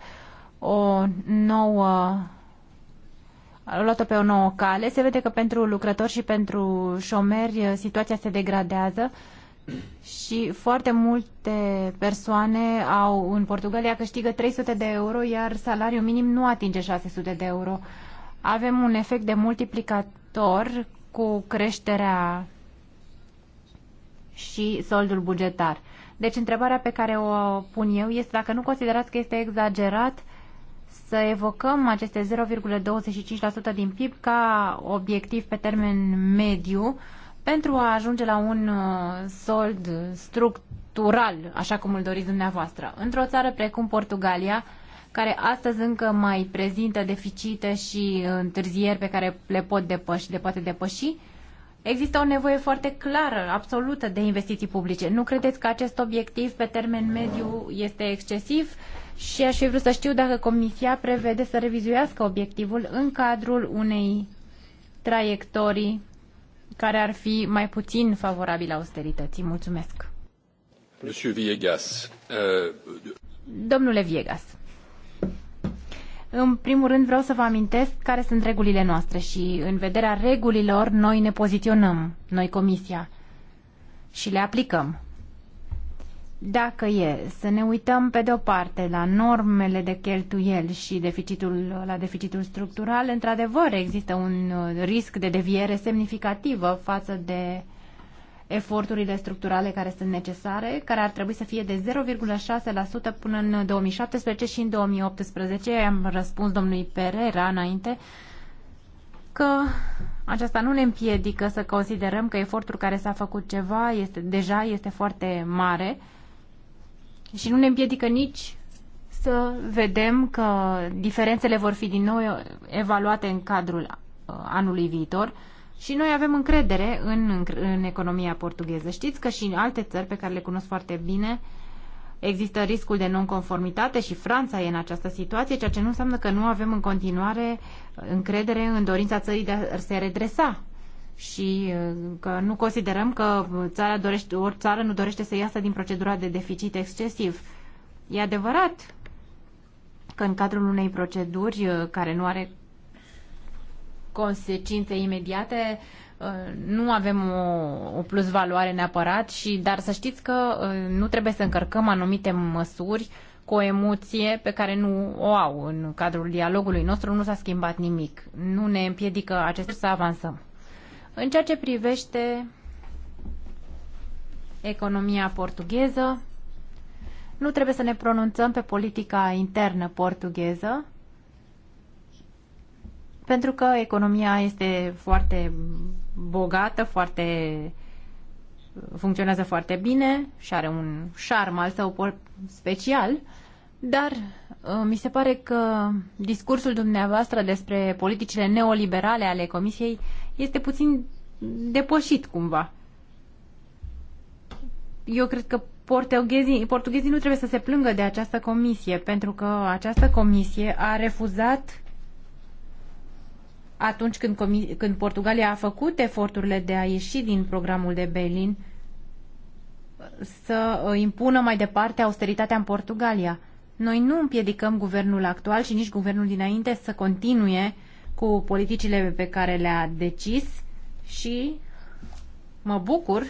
o nouă a luat-o pe o nouă cale. Se vede că pentru lucrători și pentru șomeri situația se degradează și foarte multe persoane au în Portugalia câștigă 300 de euro, iar salariul minim nu atinge 600 de euro. Avem un efect de multiplicat viitor cu creșterea și soldul bugetar. Deci întrebarea pe care o pun eu este dacă nu considerați că este exagerat să evocăm aceste 0,25% din PIB ca obiectiv pe termen mediu pentru a ajunge la un uh, sold structural, așa cum îl doriți dumneavoastră. Într-o țară precum Portugalia, care astăzi încă mai prezintă deficite și uh, întârzieri pe care le pot depăși, le poate depăși, Există o nevoie foarte clară, absolută de investiții publice. Nu credeți că acest obiectiv pe termen mediu este excesiv? Și aș fi vrut să știu dacă Comisia prevede să revizuiască obiectivul în cadrul unei traiectorii care ar fi mai puțin favorabilă austerității. Mulțumesc. Monsieur Viegas, uh... Domnule Viegas. În primul rând vreau să vă amintesc care sunt regulile noastre și în vederea regulilor noi ne poziționăm, noi comisia, și le aplicăm. Dacă e să ne uităm pe de o parte la normele de cheltuieli și deficitul, la deficitul structural, într-adevăr există un uh, risc de deviere semnificativă față de uh, eforturile structurale care sunt necesare, care ar trebui să fie de 0,6% până în 2017 și în 2018. Am răspuns domnului Pereira înainte că aceasta nu ne împiedică să considerăm că efortul care s-a făcut ceva este, deja este foarte mare și nu ne împiedică nici să vedem că diferențele vor fi din nou evaluate în cadrul uh, anului viitor și noi avem încredere în, în economia portugheză. Știți că și în alte țări pe care le cunosc foarte bine există riscul de nonconformitate și Franța e în această situație, ceea ce nu înseamnă că nu avem în continuare uh, încredere în dorința țării de a se redresa și uh, că nu considerăm că țara dorește, ori țară nu dorește să iasă din procedura de deficit excesiv. E adevărat că în cadrul unei proceduri uh, care nu are consecințe imediate, uh, nu avem o, o plusvaloare neapărat, și, dar să știți că uh, nu trebuie să încărcăm anumite măsuri cu o emoție pe care nu o au în cadrul dialogului nostru, nu s-a schimbat nimic. Nu ne împiedică acest să avansăm. În ceea ce privește economia portugheză, nu trebuie să ne pronunțăm pe politica internă portugheză, pentru că economia este foarte bogată, foarte funcționează foarte bine și are un șarm al său special, dar ă, mi se pare că discursul dumneavoastră despre politicile neoliberale ale Comisiei este puțin depășit cumva. Eu cred că portughezii, portughezii nu trebuie să se plângă de această comisie, pentru că această comisie a refuzat atunci când, când Portugalia a făcut eforturile de a ieși din programul de Berlin să uh, impună mai departe austeritatea în Portugalia. Noi nu împiedicăm guvernul actual și nici guvernul dinainte să continue cu politicile pe care le-a decis și mă bucur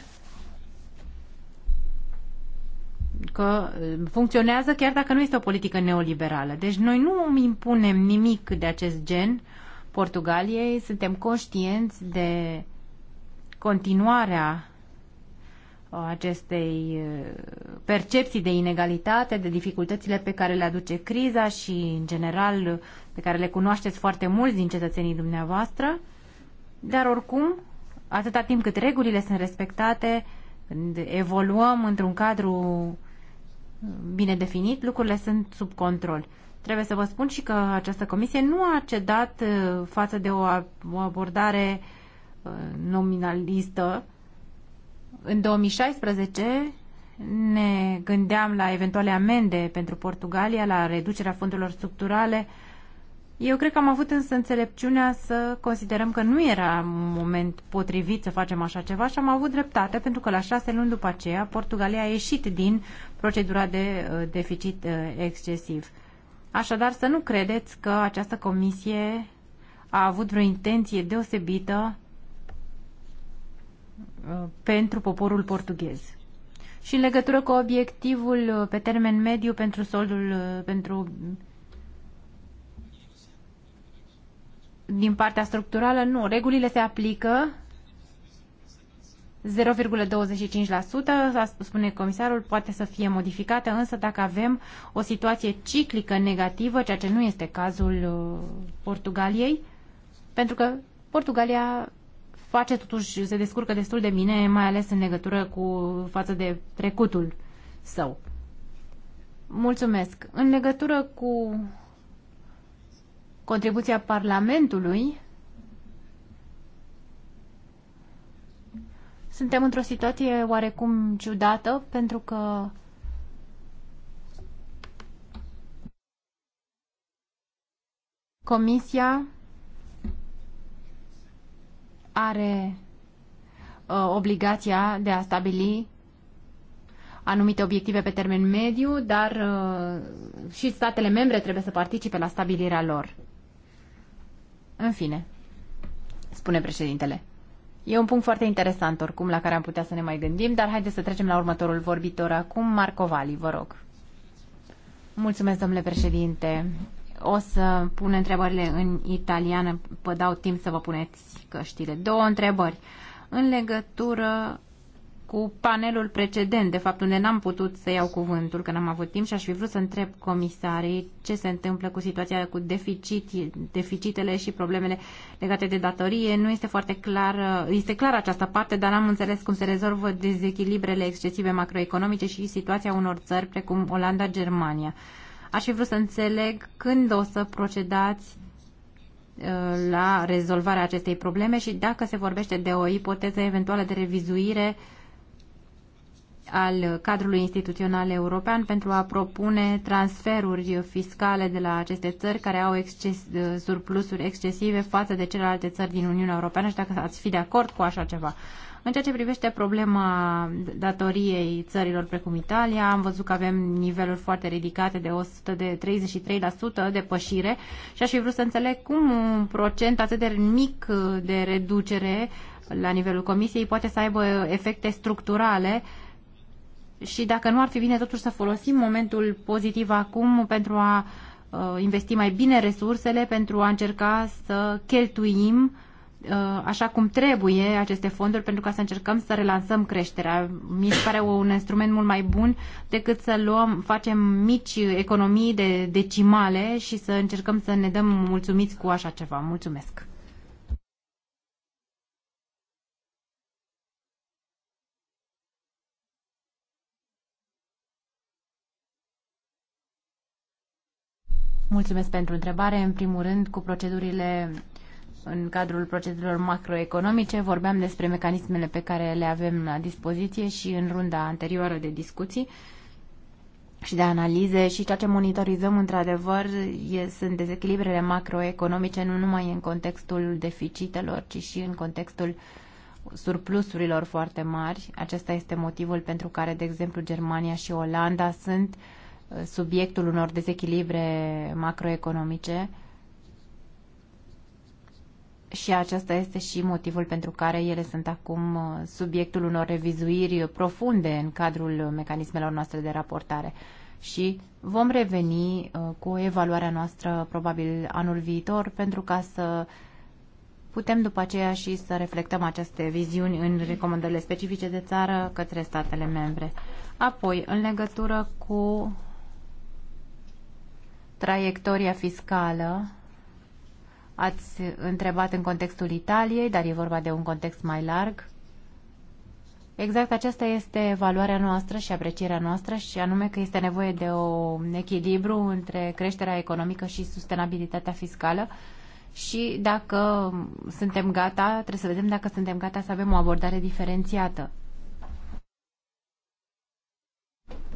că uh, funcționează chiar dacă nu este o politică neoliberală. Deci noi nu impunem nimic de acest gen Portugaliei. Suntem conștienți de continuarea uh, acestei uh, percepții de inegalitate, de dificultățile pe care le aduce criza și, în general, pe care le cunoașteți foarte mulți din cetățenii dumneavoastră. Dar, oricum, atâta timp cât regulile sunt respectate, când evoluăm într-un cadru uh, bine definit, lucrurile sunt sub control. Trebuie să vă spun și că această comisie nu a cedat uh, față de o abordare uh, nominalistă. În 2016 ne gândeam la eventuale amende pentru Portugalia, la reducerea fondurilor structurale. Eu cred că am avut însă înțelepciunea să considerăm că nu era un moment potrivit să facem așa ceva și am avut dreptate pentru că la șase luni după aceea Portugalia a ieșit din procedura de uh, deficit excesiv. Așadar, să nu credeți că această comisie a avut vreo intenție deosebită uh, pentru poporul portughez. Și în legătură cu obiectivul uh, pe termen mediu pentru soldul, uh, pentru din partea structurală, nu. Regulile se aplică 0,25%, spune comisarul, poate să fie modificată, însă dacă avem o situație ciclică negativă, ceea ce nu este cazul uh, Portugaliei, pentru că Portugalia face totuși, se descurcă destul de bine, mai ales în legătură cu față de trecutul său. Mulțumesc. În legătură cu contribuția Parlamentului, Suntem într-o situație oarecum ciudată pentru că Comisia are uh, obligația de a stabili anumite obiective pe termen mediu, dar uh, și statele membre trebuie să participe la stabilirea lor. În fine, spune președintele. E un punct foarte interesant oricum la care am putea să ne mai gândim, dar haideți să trecem la următorul vorbitor acum, Marco Vali, vă rog. Mulțumesc, domnule președinte. O să pun întrebările în italiană, vă dau timp să vă puneți căștile. Două întrebări. În legătură cu panelul precedent, de fapt unde n-am putut să iau cuvântul, că n-am avut timp și aș fi vrut să întreb comisarii ce se întâmplă cu situația cu deficit, deficitele și problemele legate de datorie. Nu este foarte clar, este clar această parte, dar n-am înțeles cum se rezolvă dezechilibrele excesive macroeconomice și situația unor țări precum Olanda, Germania. Aș fi vrut să înțeleg când o să procedați uh, la rezolvarea acestei probleme și dacă se vorbește de o ipoteză eventuală de revizuire uh, al cadrului instituțional european pentru a propune transferuri fiscale de la aceste țări care au exces, uh, surplusuri excesive față de celelalte țări din Uniunea Europeană și dacă ați fi de acord cu așa ceva. În ceea ce privește problema datoriei țărilor precum Italia, am văzut că avem niveluri foarte ridicate de 133% pășire și aș fi vrut să înțeleg cum un procent atât de mic de reducere la nivelul Comisiei poate să aibă efecte structurale uh, și dacă nu ar fi bine totuși să folosim momentul pozitiv acum pentru a uh, investi mai bine resursele, pentru a încerca să cheltuim uh, așa cum trebuie aceste fonduri pentru ca să încercăm să relansăm creșterea. Mi se pare un instrument mult mai bun decât să luăm, facem mici economii de decimale și să încercăm să ne dăm mulțumiți cu așa ceva. Mulțumesc! Mulțumesc pentru întrebare. În primul rând, cu procedurile în cadrul procedurilor macroeconomice, vorbeam despre mecanismele pe care le avem la dispoziție și în runda anterioară de discuții și de analize și ceea ce monitorizăm într-adevăr sunt dezechilibrele macroeconomice nu numai în contextul deficitelor, ci și în contextul surplusurilor foarte mari. Acesta este motivul pentru care, de exemplu, Germania și Olanda sunt uh, subiectul unor dezechilibre macroeconomice și acesta este și motivul pentru care ele sunt acum uh, subiectul unor revizuiri profunde în cadrul mecanismelor noastre de raportare. Și vom reveni uh, cu evaluarea noastră probabil anul viitor pentru ca să putem după aceea și să reflectăm aceste viziuni în recomandările specifice de țară către statele membre. Apoi, în legătură cu traiectoria fiscală. Ați întrebat în contextul Italiei, dar e vorba de un context mai larg. Exact aceasta este valoarea noastră și aprecierea noastră și anume că este nevoie de un echilibru între creșterea economică și sustenabilitatea fiscală și dacă suntem gata, trebuie să vedem dacă suntem gata să avem o abordare diferențiată.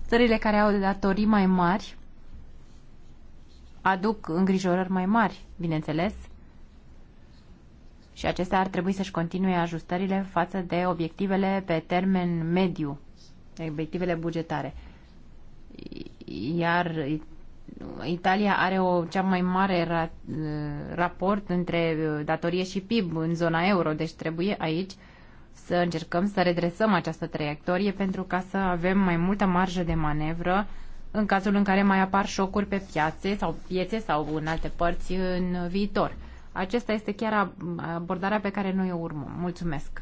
Țările care au datorii mai mari aduc îngrijorări mai mari, bineînțeles, și acestea ar trebui să-și continue ajustările față de obiectivele pe termen mediu, obiectivele bugetare. Iar Italia are o cea mai mare ra, raport între uh, datorie și PIB în zona euro, deci trebuie aici să încercăm să redresăm această traiectorie pentru ca să avem mai multă marjă de manevră în cazul în care mai apar șocuri pe piațe sau piețe sau în alte părți în viitor. Acesta este chiar abordarea pe care noi o urmăm. Mulțumesc!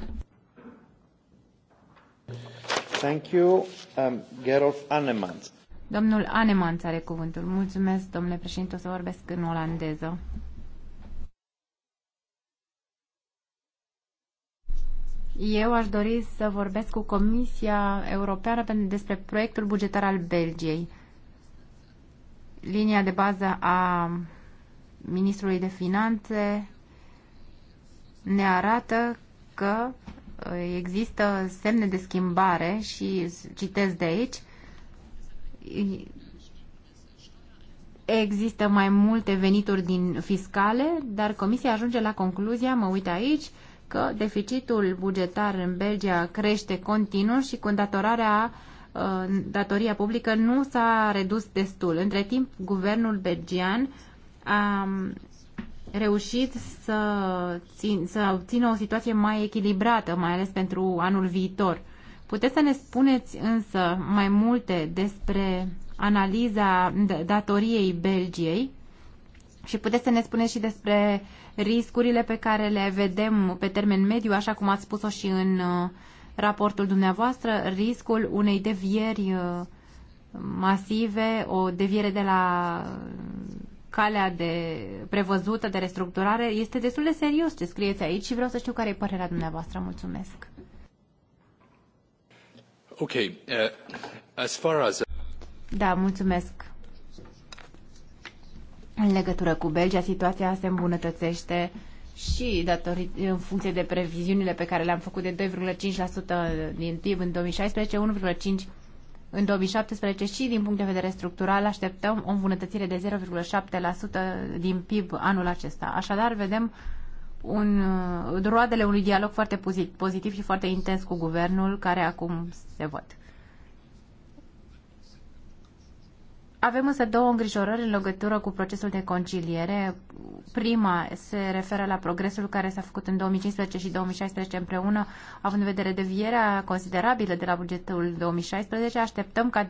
Thank you, um, Gerolf Annemans. Domnul Anemans are cuvântul. Mulțumesc, domnule președinte, o să vorbesc în olandeză. Eu aș dori să vorbesc cu Comisia Europeană despre proiectul bugetar al Belgiei linia de bază a Ministrului de Finanțe ne arată că uh, există semne de schimbare și citesc de aici există mai multe venituri din fiscale, dar comisia ajunge la concluzia, mă uit aici, că deficitul bugetar în Belgia crește continuu și cu îndatorarea uh, Uh, datoria publică nu s-a redus destul. Între timp, guvernul belgian a um, reușit să, țin, să obțină o situație mai echilibrată, mai ales pentru anul viitor. Puteți să ne spuneți însă mai multe despre analiza datoriei Belgiei și puteți să ne spuneți și despre riscurile pe care le vedem pe termen mediu, așa cum ați spus-o și în uh, raportul dumneavoastră riscul unei devieri uh, masive, o deviere de la uh, calea de prevăzută de restructurare. Este destul de serios ce scrieți aici și vreau să știu care e părerea dumneavoastră. Mulțumesc. Ok. Uh, as far as... Da, mulțumesc. În legătură cu Belgia, situația se îmbunătățește și datorit, în funcție de previziunile pe care le-am făcut de 2,5% din PIB în 2016, 1,5% în 2017 și din punct de vedere structural așteptăm o îmbunătățire de 0,7% din PIB anul acesta. Așadar, vedem un, uh, roadele unui dialog foarte pozitiv și foarte intens cu guvernul, care acum se văd. Avem însă două îngrijorări în legătură cu procesul de conciliere. Prima se referă la progresul care s-a făcut în 2015 și 2016 împreună, având în vedere devierea considerabilă de la bugetul 2016. Așteptăm ca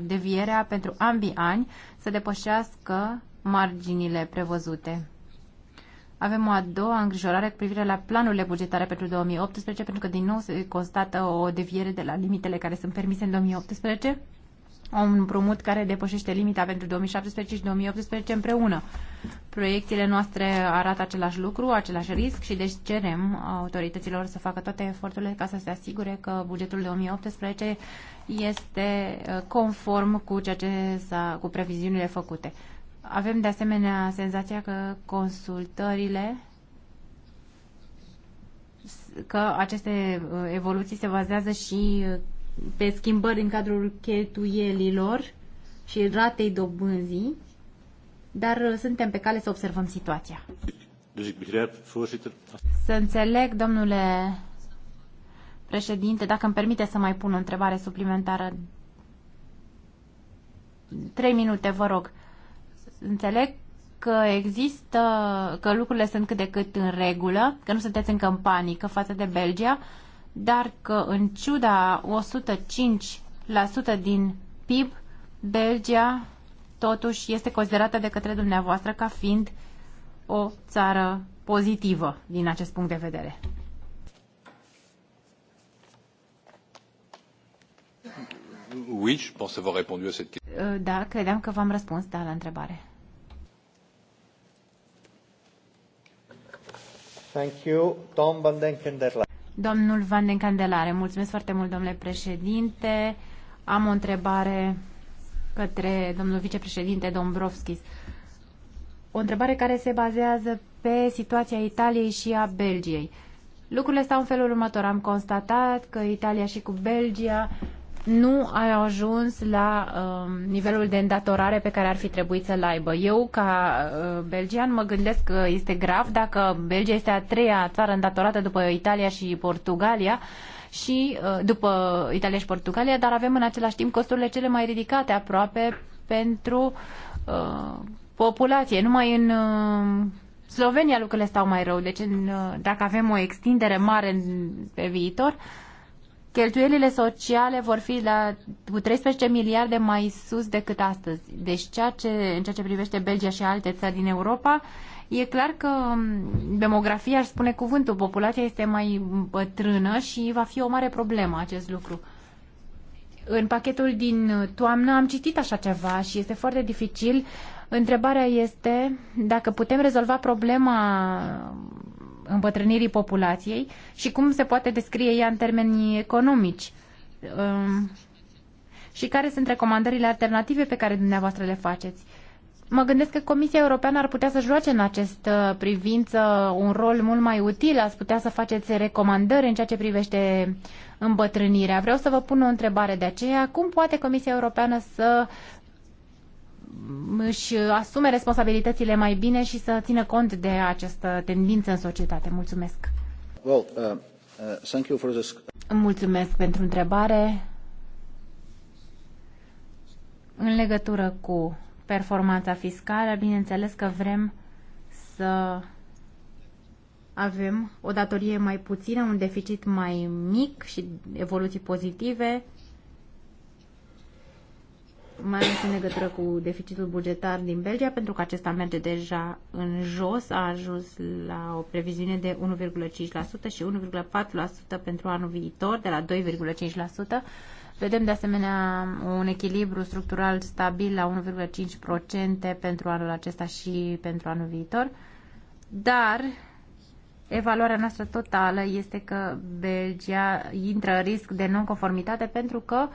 devierea pentru ambii ani să depășească marginile prevăzute. Avem o a doua îngrijorare cu privire la planurile bugetare pentru 2018, pentru că din nou se constată o deviere de la limitele care sunt permise în 2018 un împrumut care depășește limita pentru 2017 și 2018 împreună. Proiecțiile noastre arată același lucru, același risc și deci cerem autorităților să facă toate eforturile ca să se asigure că bugetul 2018 este uh, conform cu ceea ce s-a, cu previziunile făcute. Avem de asemenea senzația că consultările că aceste uh, evoluții se bazează și pe schimbări în cadrul cheltuielilor și ratei dobânzii, dar uh, suntem pe cale să observăm situația. Să înțeleg, domnule președinte, dacă îmi permite să mai pun o întrebare suplimentară. Trei minute, vă rog. Înțeleg că există, că lucrurile sunt cât de cât în regulă, că nu sunteți încă în panică față de Belgia, dar că în ciuda 105% din PIB, Belgia totuși este considerată de către dumneavoastră ca fiind o țară pozitivă din acest punct de vedere. Oui, je pense avoir répondu à cette question. Uh, da, credeam că v-am răspuns da la întrebare. Thank you. Tom van den Domnul Van den Candelare, mulțumesc foarte mult, domnule președinte. Am o întrebare către domnul vicepreședinte Dombrovskis. O întrebare care se bazează pe situația Italiei și a Belgiei. Lucrurile stau în felul următor. Am constatat că Italia și cu Belgia nu a ajuns la uh, nivelul de îndatorare pe care ar fi trebuit să-l aibă. Eu, ca uh, belgian, mă gândesc că este grav dacă Belgia este a treia țară îndatorată după Italia și Portugalia și uh, după Italia și Portugalia, dar avem în același timp costurile cele mai ridicate aproape pentru uh, populație. Numai în uh, Slovenia lucrurile stau mai rău, deci în, uh, dacă avem o extindere mare în, pe viitor, Cheltuielile sociale vor fi la, cu 13 miliarde mai sus decât astăzi. Deci ceea ce, în ceea ce privește Belgia și alte țări din Europa, e clar că um, demografia, aș spune cuvântul, populația este mai bătrână și va fi o mare problemă acest lucru. În pachetul din toamnă am citit așa ceva și este foarte dificil. Întrebarea este dacă putem rezolva problema îmbătrânirii populației și cum se poate descrie ea în termenii economici um, și care sunt recomandările alternative pe care dumneavoastră le faceți. Mă gândesc că Comisia Europeană ar putea să joace în această privință un rol mult mai util, ați putea să faceți recomandări în ceea ce privește îmbătrânirea. Vreau să vă pun o întrebare de aceea. Cum poate Comisia Europeană să își asume responsabilitățile mai bine și să țină cont de această tendință în societate. Mulțumesc! Well, uh, uh, thank you for this. Mulțumesc pentru întrebare. În legătură cu performanța fiscală, bineînțeles că vrem să avem o datorie mai puțină, un deficit mai mic și evoluții pozitive mai ales în legătură cu deficitul bugetar din Belgia, pentru că acesta merge deja în jos, a ajuns la o previziune de 1,5% și 1,4% pentru anul viitor, de la 2,5%. Vedem de asemenea un echilibru structural stabil la 1,5% pentru anul acesta și pentru anul viitor, dar evaluarea noastră totală este că Belgia intră în risc de nonconformitate pentru că uh,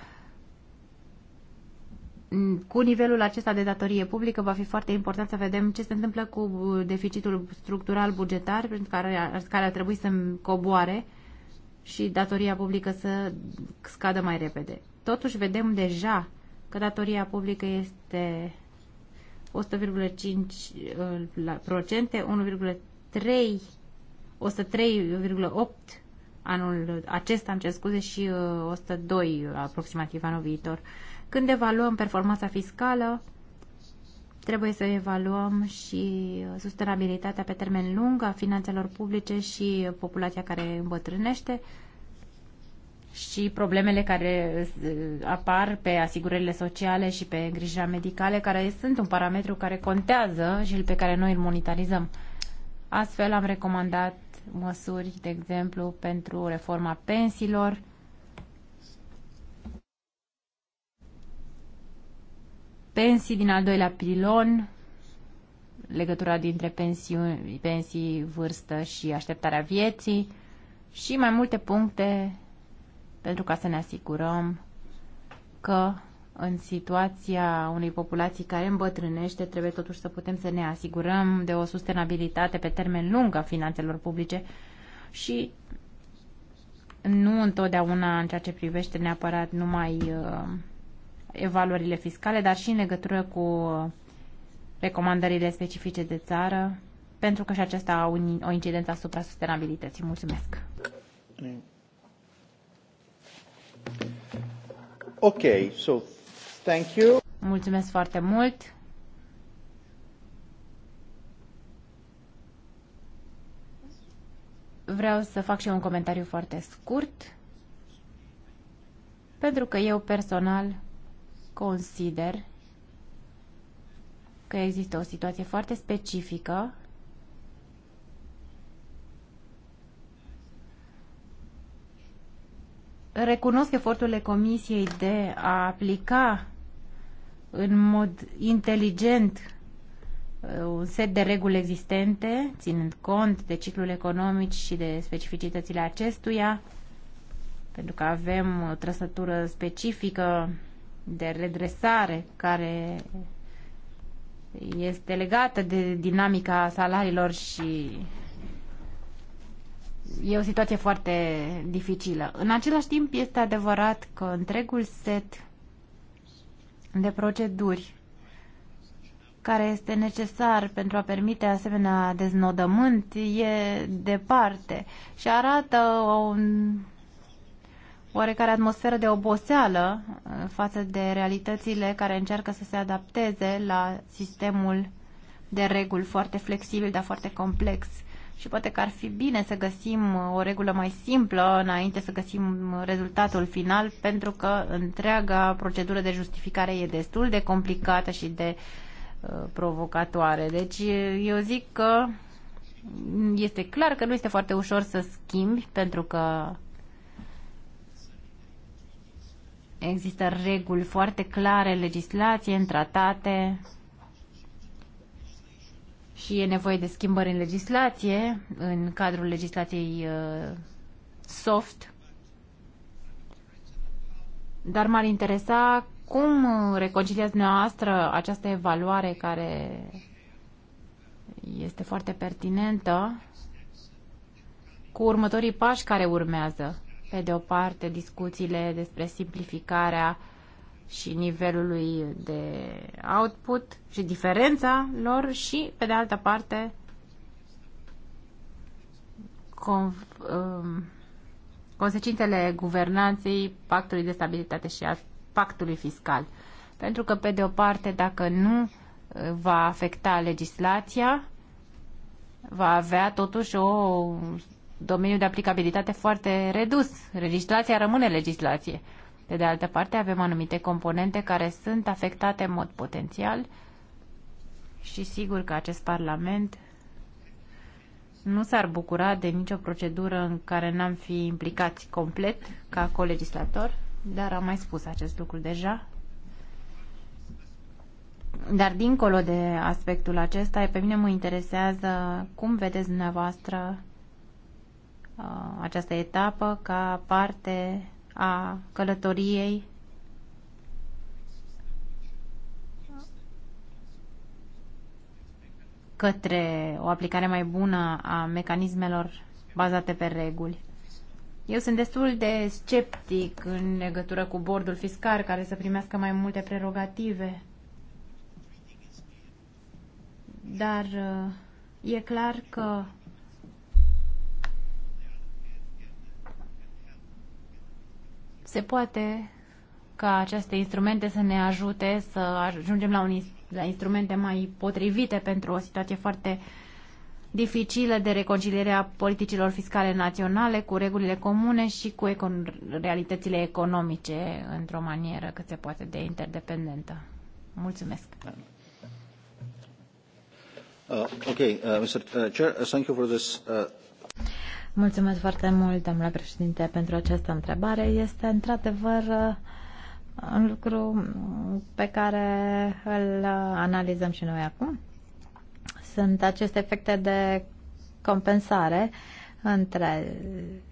Mm, cu nivelul acesta de datorie publică va fi foarte important să vedem ce se întâmplă cu deficitul structural bugetar, pentru care, care ar trebui să coboare și datoria publică să scadă mai repede. Totuși vedem deja că datoria publică este 100,5%, 1,3%, 103,8% anul acesta, am cer scuze, și 102 uh, uh, aproximativ anul viitor. Când evaluăm performanța fiscală, trebuie să evaluăm și uh, sustenabilitatea pe termen lung a finanțelor publice și populația care îmbătrânește și problemele care apar pe asigurările sociale și pe îngrijirea medicale, care sunt un parametru care contează și pe care noi îl monitorizăm. Astfel am recomandat măsuri, de exemplu, pentru reforma pensiilor. Pensii din al doilea pilon, legătura dintre pensii, pensii, vârstă și așteptarea vieții și mai multe puncte pentru ca să ne asigurăm că în situația unei populații care îmbătrânește, trebuie totuși să putem să ne asigurăm de o sustenabilitate pe termen lung a finanțelor publice și nu întotdeauna în ceea ce privește neapărat numai uh, evaluările fiscale, dar și în legătură cu uh, recomandările specifice de țară, pentru că și acesta au o incidență asupra sustenabilității. Mulțumesc! Ok, so Thank you. Mulțumesc foarte mult. Vreau să fac și eu un comentariu foarte scurt, pentru că eu personal consider că există o situație foarte specifică Recunosc eforturile Comisiei de a aplica în mod inteligent uh, un set de reguli existente, ținând cont de ciclul economic și de specificitățile acestuia, pentru că avem o trăsătură specifică de redresare care este legată de dinamica salariilor și e o situație foarte dificilă. În același timp, este adevărat că întregul set de proceduri care este necesar pentru a permite asemenea deznodământ e departe și arată o oarecare atmosferă de oboseală uh, față de realitățile care încearcă să se adapteze la sistemul de reguli foarte flexibil, dar foarte complex și poate că ar fi bine să găsim o regulă mai simplă înainte să găsim rezultatul final, pentru că întreaga procedură de justificare e destul de complicată și de uh, provocatoare. Deci eu zic că este clar că nu este foarte ușor să schimbi, pentru că există reguli foarte clare, legislație în tratate, și e nevoie de schimbări în legislație, în cadrul legislației uh, soft. Dar m-ar interesa cum reconciliați noastră această evaluare care este foarte pertinentă cu următorii pași care urmează. Pe de o parte, discuțiile despre simplificarea și nivelului de output și diferența lor și, pe de altă parte, um, consecințele guvernanței pactului de stabilitate și al pactului fiscal. Pentru că, pe de o parte, dacă nu uh, va afecta legislația, va avea totuși o domeniu de aplicabilitate foarte redus. Legislația rămâne legislație. Pe de altă parte, avem anumite componente care sunt afectate în mod potențial și sigur că acest Parlament nu s-ar bucura de nicio procedură în care n-am fi implicați complet ca colegislator, dar am mai spus acest lucru deja. Dar dincolo de aspectul acesta, pe mine mă interesează cum vedeți dumneavoastră uh, această etapă ca parte a călătoriei către o aplicare mai bună a mecanismelor bazate pe reguli. Eu sunt destul de sceptic în legătură cu bordul fiscal care să primească mai multe prerogative. Dar uh, e clar că se poate ca aceste instrumente să ne ajute să ajungem la, un, la instrumente mai potrivite pentru o situație foarte dificilă de reconciliere a politicilor fiscale naționale cu regulile comune și cu econ- realitățile economice într-o manieră cât se poate de interdependentă. Mulțumesc. Uh, okay, uh, Mr. Uh, Chair, uh, thank you for this. Uh... Mulțumesc foarte mult, domnule președinte, pentru această întrebare. Este într-adevăr uh, un lucru pe care îl uh, analizăm și noi acum. Sunt aceste efecte de compensare între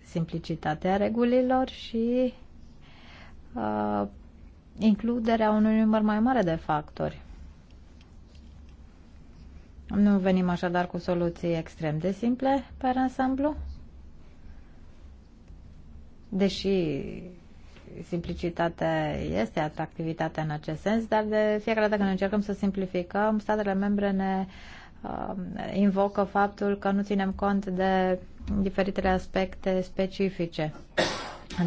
simplicitatea regulilor și uh, includerea unui număr mai mare de factori. Nu venim așadar cu soluții extrem de simple pe ansamblu, deși simplicitatea este atractivitatea în acest sens, dar de fiecare dată când încercăm să simplificăm, statele membre ne uh, invocă faptul că nu ținem cont de diferitele aspecte specifice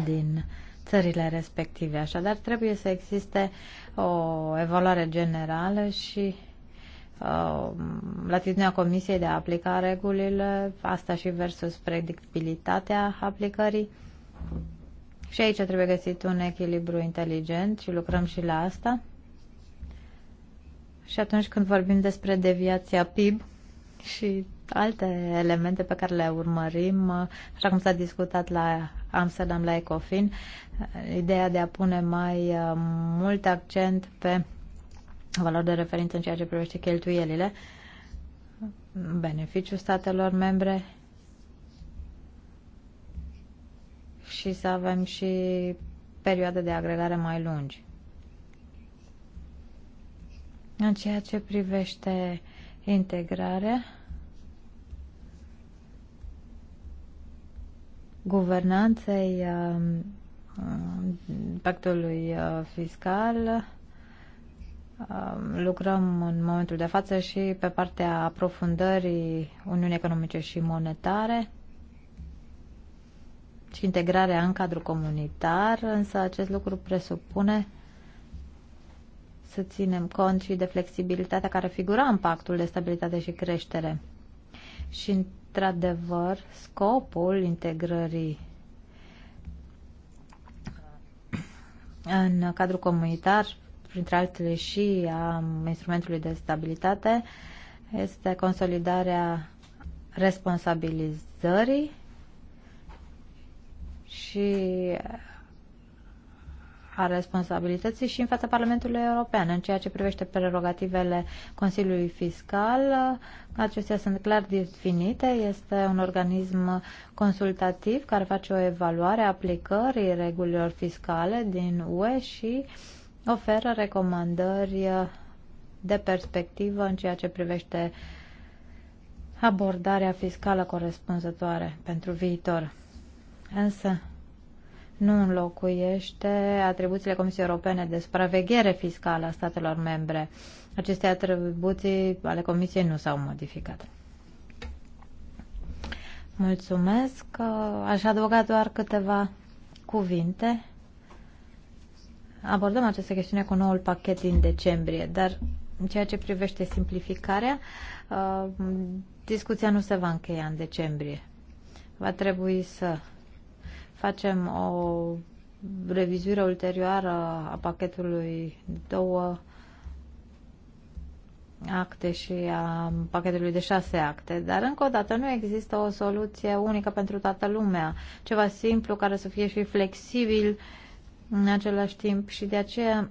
din țările respective. Așadar, trebuie să existe o evaluare generală și uh, um, latitudinea Comisiei de a aplica regulile, asta și versus predictibilitatea aplicării. Uh, și aici trebuie găsit un echilibru inteligent și lucrăm și la asta. Și atunci când vorbim despre deviația PIB și alte elemente pe care le urmărim, așa cum s-a discutat la Amsterdam, la Ecofin, ideea de a pune mai uh, mult accent pe valori de referință în ceea ce privește cheltuielile, beneficiul statelor membre și să avem și perioade de agregare mai lungi. În ceea ce privește integrarea, guvernanței um, um, pactului uh, fiscal, um, lucrăm în momentul de față și pe partea aprofundării Uniunii Economice și Monetare și integrarea în cadrul comunitar, însă acest lucru presupune să ținem cont și de flexibilitatea care figura în pactul de stabilitate și creștere. Și, într-adevăr, scopul integrării în cadrul comunitar, printre altele și a instrumentului de stabilitate, este consolidarea responsabilizării și a responsabilității și în fața Parlamentului European. În ceea ce privește prerogativele Consiliului Fiscal, acestea sunt clar definite. Este un organism consultativ care face o evaluare a aplicării regulilor fiscale din UE și oferă recomandări de perspectivă în ceea ce privește abordarea fiscală corespunzătoare pentru viitor însă nu înlocuiește atribuțiile Comisiei Europene de supraveghere fiscală a statelor membre. Aceste atribuții ale Comisiei nu s-au modificat. Mulțumesc. Aș adăuga doar câteva cuvinte. Abordăm această chestiune cu noul pachet din decembrie, dar în ceea ce privește simplificarea, uh, discuția nu se va încheia în decembrie. Va trebui să facem o revizuire ulterioară a pachetului două acte și a pachetului de șase acte, dar încă o dată nu există o soluție unică pentru toată lumea, ceva simplu care să fie și flexibil în același timp și de aceea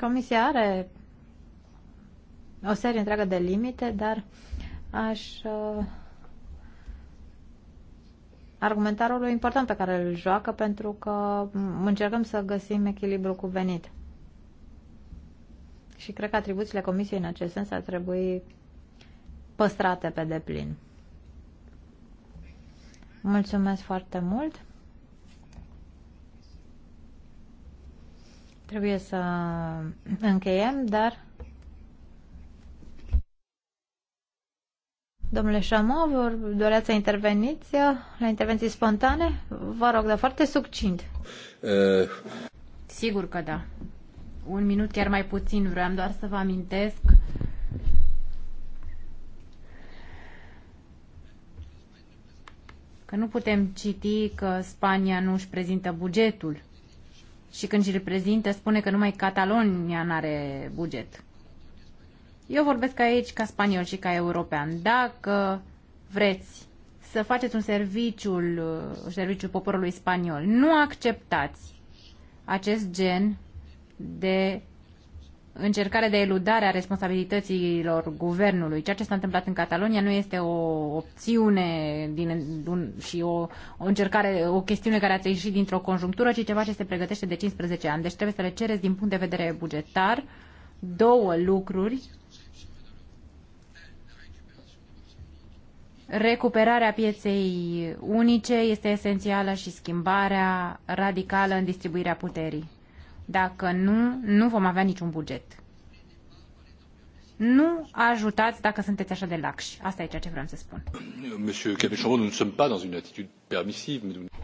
Comisia are o serie întreagă de limite, dar aș uh, argumenta rolul important pe care îl joacă pentru că încercăm să găsim echilibru cuvenit. Și cred că atribuțiile Comisiei în acest sens ar trebui păstrate pe deplin. Mulțumesc foarte mult! Trebuie să încheiem, dar Domnule Șamov, doreați să interveniți uh, la intervenții spontane? Vă rog, dar foarte succint. Uh. Sigur că da. Un minut, chiar mai puțin. Vreau doar să vă amintesc că nu putem citi că Spania nu își prezintă bugetul. Și când îl prezintă, spune că numai Catalonia nu are buget. Eu vorbesc aici ca spaniol și ca european. Dacă vreți să faceți un serviciul, un serviciu poporului spaniol, nu acceptați acest gen de încercare de eludare a responsabilităților guvernului. Ceea ce s-a întâmplat în Catalonia nu este o opțiune din, un, și o, o încercare, o chestiune care a ieșit dintr-o conjunctură, ci ceva ce se pregătește de 15 ani. Deci trebuie să le cereți din punct de vedere bugetar două lucruri Recuperarea pieței unice este esențială și schimbarea radicală în distribuirea puterii. Dacă nu, nu vom avea niciun buget. Nu ajutați dacă sunteți așa de laxi. Asta e ceea ce vreau să spun.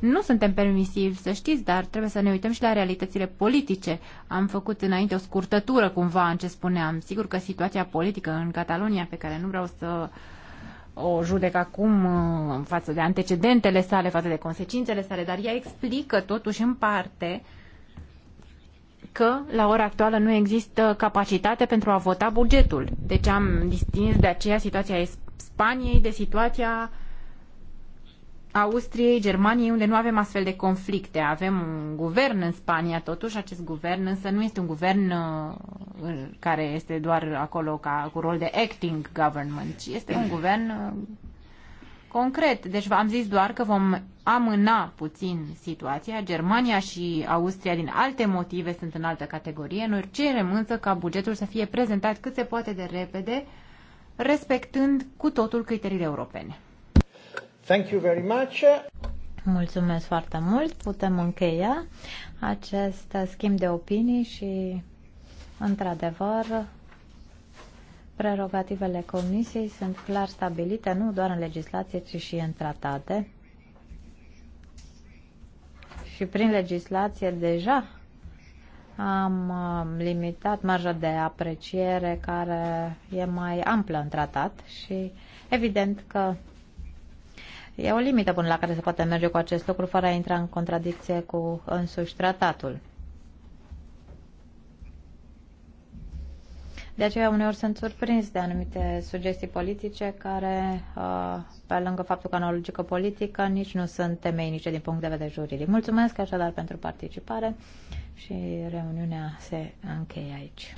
Nu suntem permisivi, să știți, dar trebuie să ne uităm și la realitățile politice. Am făcut înainte o scurtătură cumva în ce spuneam. Sigur că situația politică în Catalonia, pe care nu vreau să uh, o judec acum uh, față de antecedentele sale, față de consecințele sale, dar ea explică totuși în parte că la ora actuală nu există capacitate pentru a vota bugetul. Deci am distins de aceea situația Spaniei de situația Austriei, Germaniei, unde nu avem astfel de conflicte. Avem un guvern în Spania, totuși, acest guvern însă nu este un guvern uh, care este doar acolo ca cu rol de acting government, ci este un guvern uh, concret. Deci v-am zis doar că vom amâna puțin situația. Germania și Austria, din alte motive, sunt în altă categorie. Noi cerem însă ca bugetul să fie prezentat cât se poate de repede, respectând cu totul criteriile europene. Thank you very much. Mulțumesc foarte mult. Putem încheia acest schimb de opinii și, într-adevăr, prerogativele Comisiei sunt clar stabilite nu doar în legislație, ci și în tratate. Și prin legislație deja am uh, limitat marja de apreciere care e mai amplă în tratat și evident că E o limită până la care se poate merge cu acest lucru fără a intra în contradicție cu însuși tratatul. De aceea uneori sunt surprins de anumite sugestii politice care, uh, pe lângă faptul că analogică logică politică, nici nu sunt temeinice din punct de vedere juridic. Mulțumesc așadar pentru participare și reuniunea se încheie aici.